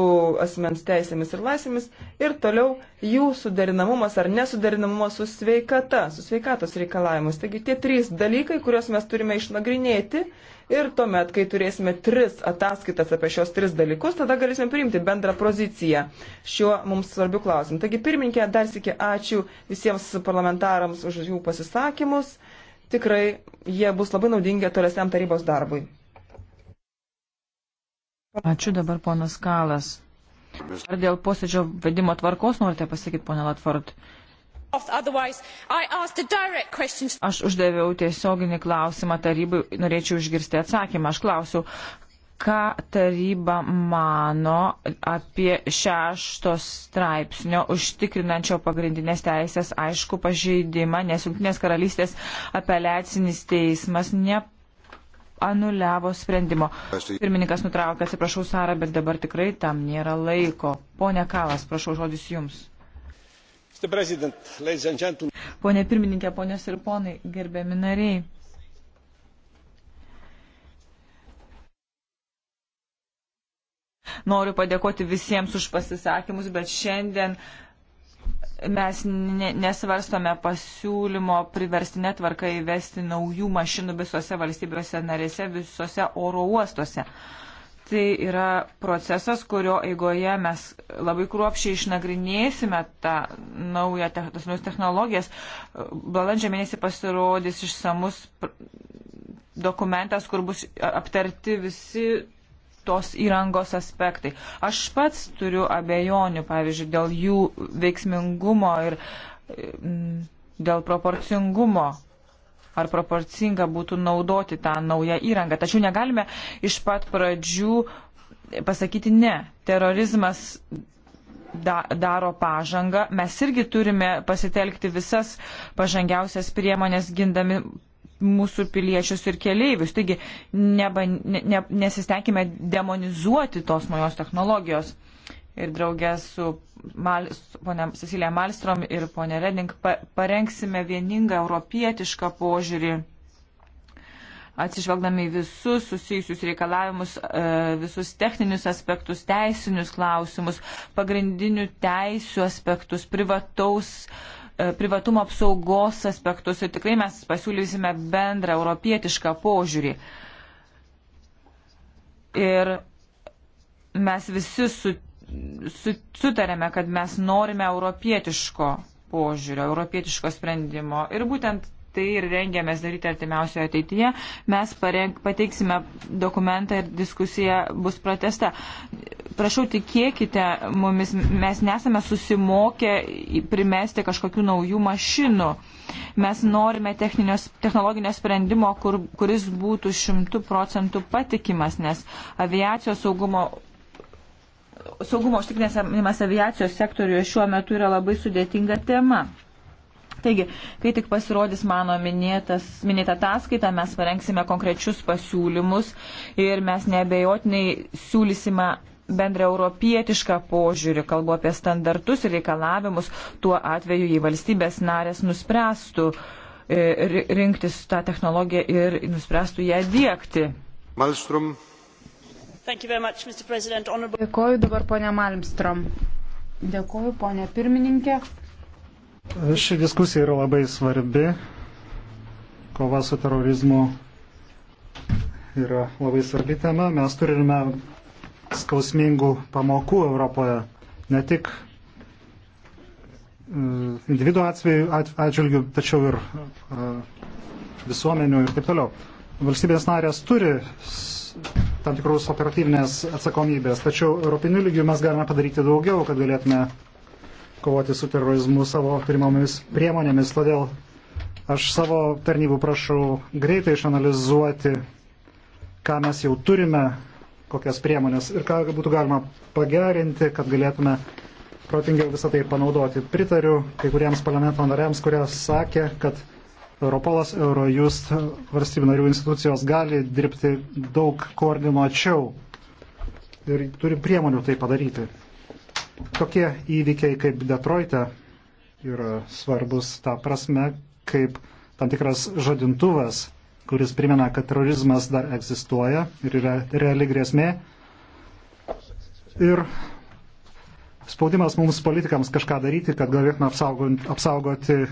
asmens teisėmis ir laisvėmis ir toliau jų suderinamumas ar nesuderinamumas su sveikata, su sveikatos reikalavimus. Taigi tie trys dalykai, kuriuos mes turime išnagrinėti ir tuomet, kai turėsime tris ataskaitas apie šios tris dalykus, tada galėsime priimti bendrą poziciją šiuo mums svarbiu klausimu. Taigi pirmininkė, dar sėki ačiū visiems parlamentarams už jų pasisakymus. Tikrai jie bus labai naudingi tolesniam tarybos darbui. Ačiū dabar ponas Kalas. Ar dėl posėdžio vedimo tvarkos norite pasakyti, ponė Latford? Aš uždaviau tiesioginį klausimą tarybai, norėčiau išgirsti atsakymą. Aš klausiu, ką taryba mano apie šeštos straipsnio užtikrinančio pagrindinės teisės aišku pažeidimą, nes Junktinės karalystės apeliacinis teismas ne, anuliavo sprendimo. Pirmininkas nutraukė, atsiprašau, Sara, bet dabar tikrai tam nėra laiko. Pone Kalas, prašau, žodis jums. Pone pirmininkė, ponios ir ponai, gerbiami nariai. Noriu padėkoti visiems už pasisakymus, bet šiandien uh, Mes nesvarstome pasiūlymo priverstinė tvarka įvesti naujų mašinų visose valstybėse narėse, visose oro uostuose. Tai yra procesas, kurio eigoje mes labai kruopšiai išnagrinėsime tą naują tas naujas technologijas. Balandžio mėnesį pasirodys išsamus dokumentas, kur bus aptarti visi tos įrangos aspektai. Aš pats turiu abejonių, pavyzdžiui, dėl jų veiksmingumo ir mm, dėl proporcingumo. Ar proporcinga būtų naudoti tą naują įrangą. Tačiau negalime iš pat pradžių pasakyti ne. Terorizmas da, daro pažangą. Mes irgi turime pasitelkti visas pažangiausias priemonės gindami mūsų piliečius ir keleivius. Taigi neba, ne, ne, nesistengime demonizuoti tos naujos technologijos. Ir draugė su, Mal, su ponia Cecilija Malstrom ir ponia Reding pa, parengsime vieningą europietišką požiūrį atsižvelgdami visus susijusius reikalavimus, e, visus techninius aspektus, teisinius klausimus, pagrindinių teisų aspektus, privataus uh, E, privatumo apsaugos aspektus ir tikrai mes pasiūlysime bendrą europietišką požiūrį. Ir mes visi su, su, sutarėme, kad mes norime europietiško požiūrio, europietiško sprendimo. Ir būtent tai ir rengiamės daryti artimiausioje ateityje. Mes pareng, pateiksime dokumentą ir diskusija bus pratesta. Prašau, tikėkite mumis, mes nesame susimokę primesti kažkokių naujų mašinų. Mes norime technologinio sprendimo, kur, kuris būtų šimtų procentų patikimas, nes aviacijos saugumo saugumo užtikrinimas aviacijos sektoriuje šiuo metu yra labai sudėtinga tema. Taigi, kai tik pasirodys mano minėtas, minėta ataskaita, mes parengsime konkrečius pasiūlymus ir mes nebejotinai siūlysime bendrą europietišką požiūrį, kalbu apie standartus ir reikalavimus, tuo atveju, jei valstybės narės nuspręstų e, rinktis tą technologiją ir nuspręstų ją dėkti. Malstrom. Much, Dėkoju dabar ponia Malmstrom. Dėkoju ponia pirmininkė. Ši diskusija yra labai svarbi. Kova su terorizmu yra labai svarbi tema. Mes turime skausmingų pamokų Europoje, ne tik e, individuo atžvilgių, tačiau ir e, visuomenių ir taip toliau. Valstybės narės turi tam tikrus operatyvinės atsakomybės, tačiau europinių lygių mes galime padaryti daugiau, kad galėtume kovoti su terorizmu savo turimomis priemonėmis. Todėl aš savo tarnybų prašau greitai išanalizuoti, ką mes jau turime, kokias priemonės ir ką būtų galima pagerinti, kad galėtume protingiau visą tai panaudoti. Pritariu kai kuriems parlamento nariams, kurie sakė, kad Europolas, Eurojust, valstybių narių institucijos gali dirbti daug koordinuočiau ir turi priemonių tai padaryti. Tokie įvykiai kaip Detroite yra svarbus tą prasme, kaip tam tikras žadintuvas, kuris primena, kad terorizmas dar egzistuoja ir yra reali grėsmė. Ir spaudimas mums politikams kažką daryti, kad galėtume apsaugoti e,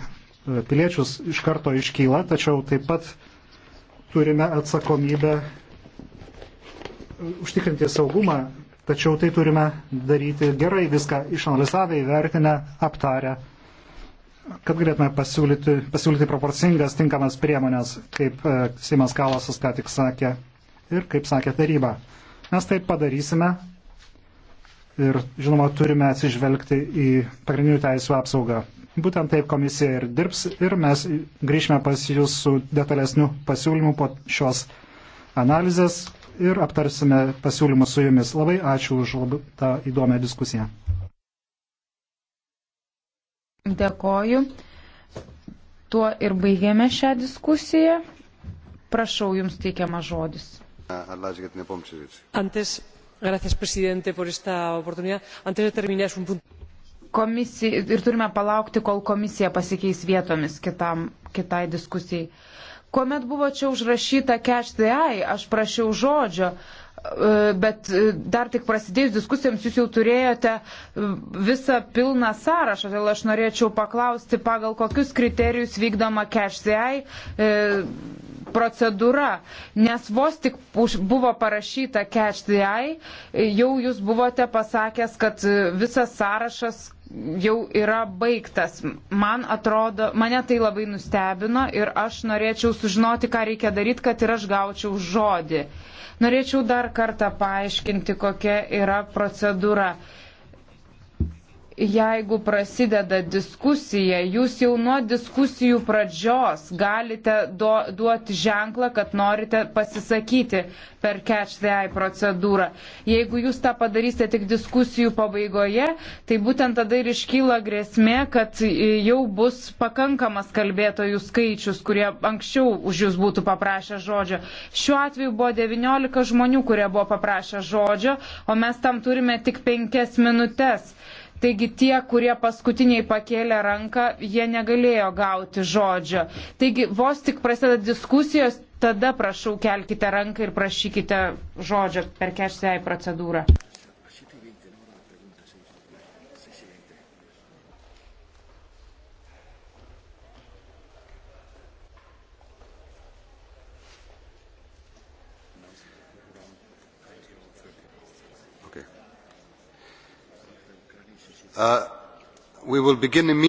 piliečius iš karto iškyla, tačiau taip pat turime atsakomybę e, užtikrinti saugumą Tačiau tai turime daryti gerai, viską išanalizavę, įvertinę, aptarę, kad galėtume pasiūlyti, pasiūlyti proporcingas, tinkamas priemonės, kaip e, Simas Kalasas ką tik sakė ir kaip sakė taryba. Mes tai padarysime ir, žinoma, turime atsižvelgti į pagrindinių teisų apsaugą. Būtent taip komisija ir dirbs ir mes grįžime pas jūs su detalesniu pasiūlymu po šios analizės, ir aptarsime pasiūlymus su jumis. Labai ačiū už labai tą įdomią diskusiją. Dėkoju. Tuo ir baigėme šią diskusiją. Prašau, jums teikiamas žodis. Antes, gracias, presidente, por esta oportunidad. Antes de terminar, es un punto. Komisija, ir turime palaukti, kol komisija pasikeis vietomis kitam, kitai diskusijai. Kuomet buvo čia užrašyta catch the eye, aš prašiau žodžio, e, bet e, dar tik prasidėjus diskusijoms jūs jau turėjote e, visą pilną sąrašą, todėl aš norėčiau paklausti, pagal kokius kriterijus vykdoma catch the eye procedūra, nes vos tik buvo parašyta catch the eye, jau jūs buvote pasakęs, kad visas sąrašas jau yra baigtas. Man atrodo, mane tai labai nustebino ir aš norėčiau sužinoti, ką reikia daryti, kad ir aš gaučiau žodį. Norėčiau dar kartą paaiškinti, kokia yra procedūra jeigu prasideda diskusija, jūs jau nuo diskusijų pradžios galite do, duoti ženklą, kad norite pasisakyti per catch the eye procedūrą. Jeigu jūs tą padarysite tik diskusijų pabaigoje, tai būtent tada ir iškyla grėsmė, kad jau bus pakankamas kalbėtojų skaičius, kurie anksčiau už jūs būtų paprašę žodžio. Šiuo atveju buvo 19 žmonių, kurie buvo paprašę žodžio, o mes tam turime tik 5 minutės. Taigi tie, kurie paskutiniai pakėlė ranką, jie negalėjo gauti žodžio. Taigi vos tik prasideda diskusijos, tada prašau kelkite ranką ir prašykite žodžio per kešsiai procedūrą. Uh,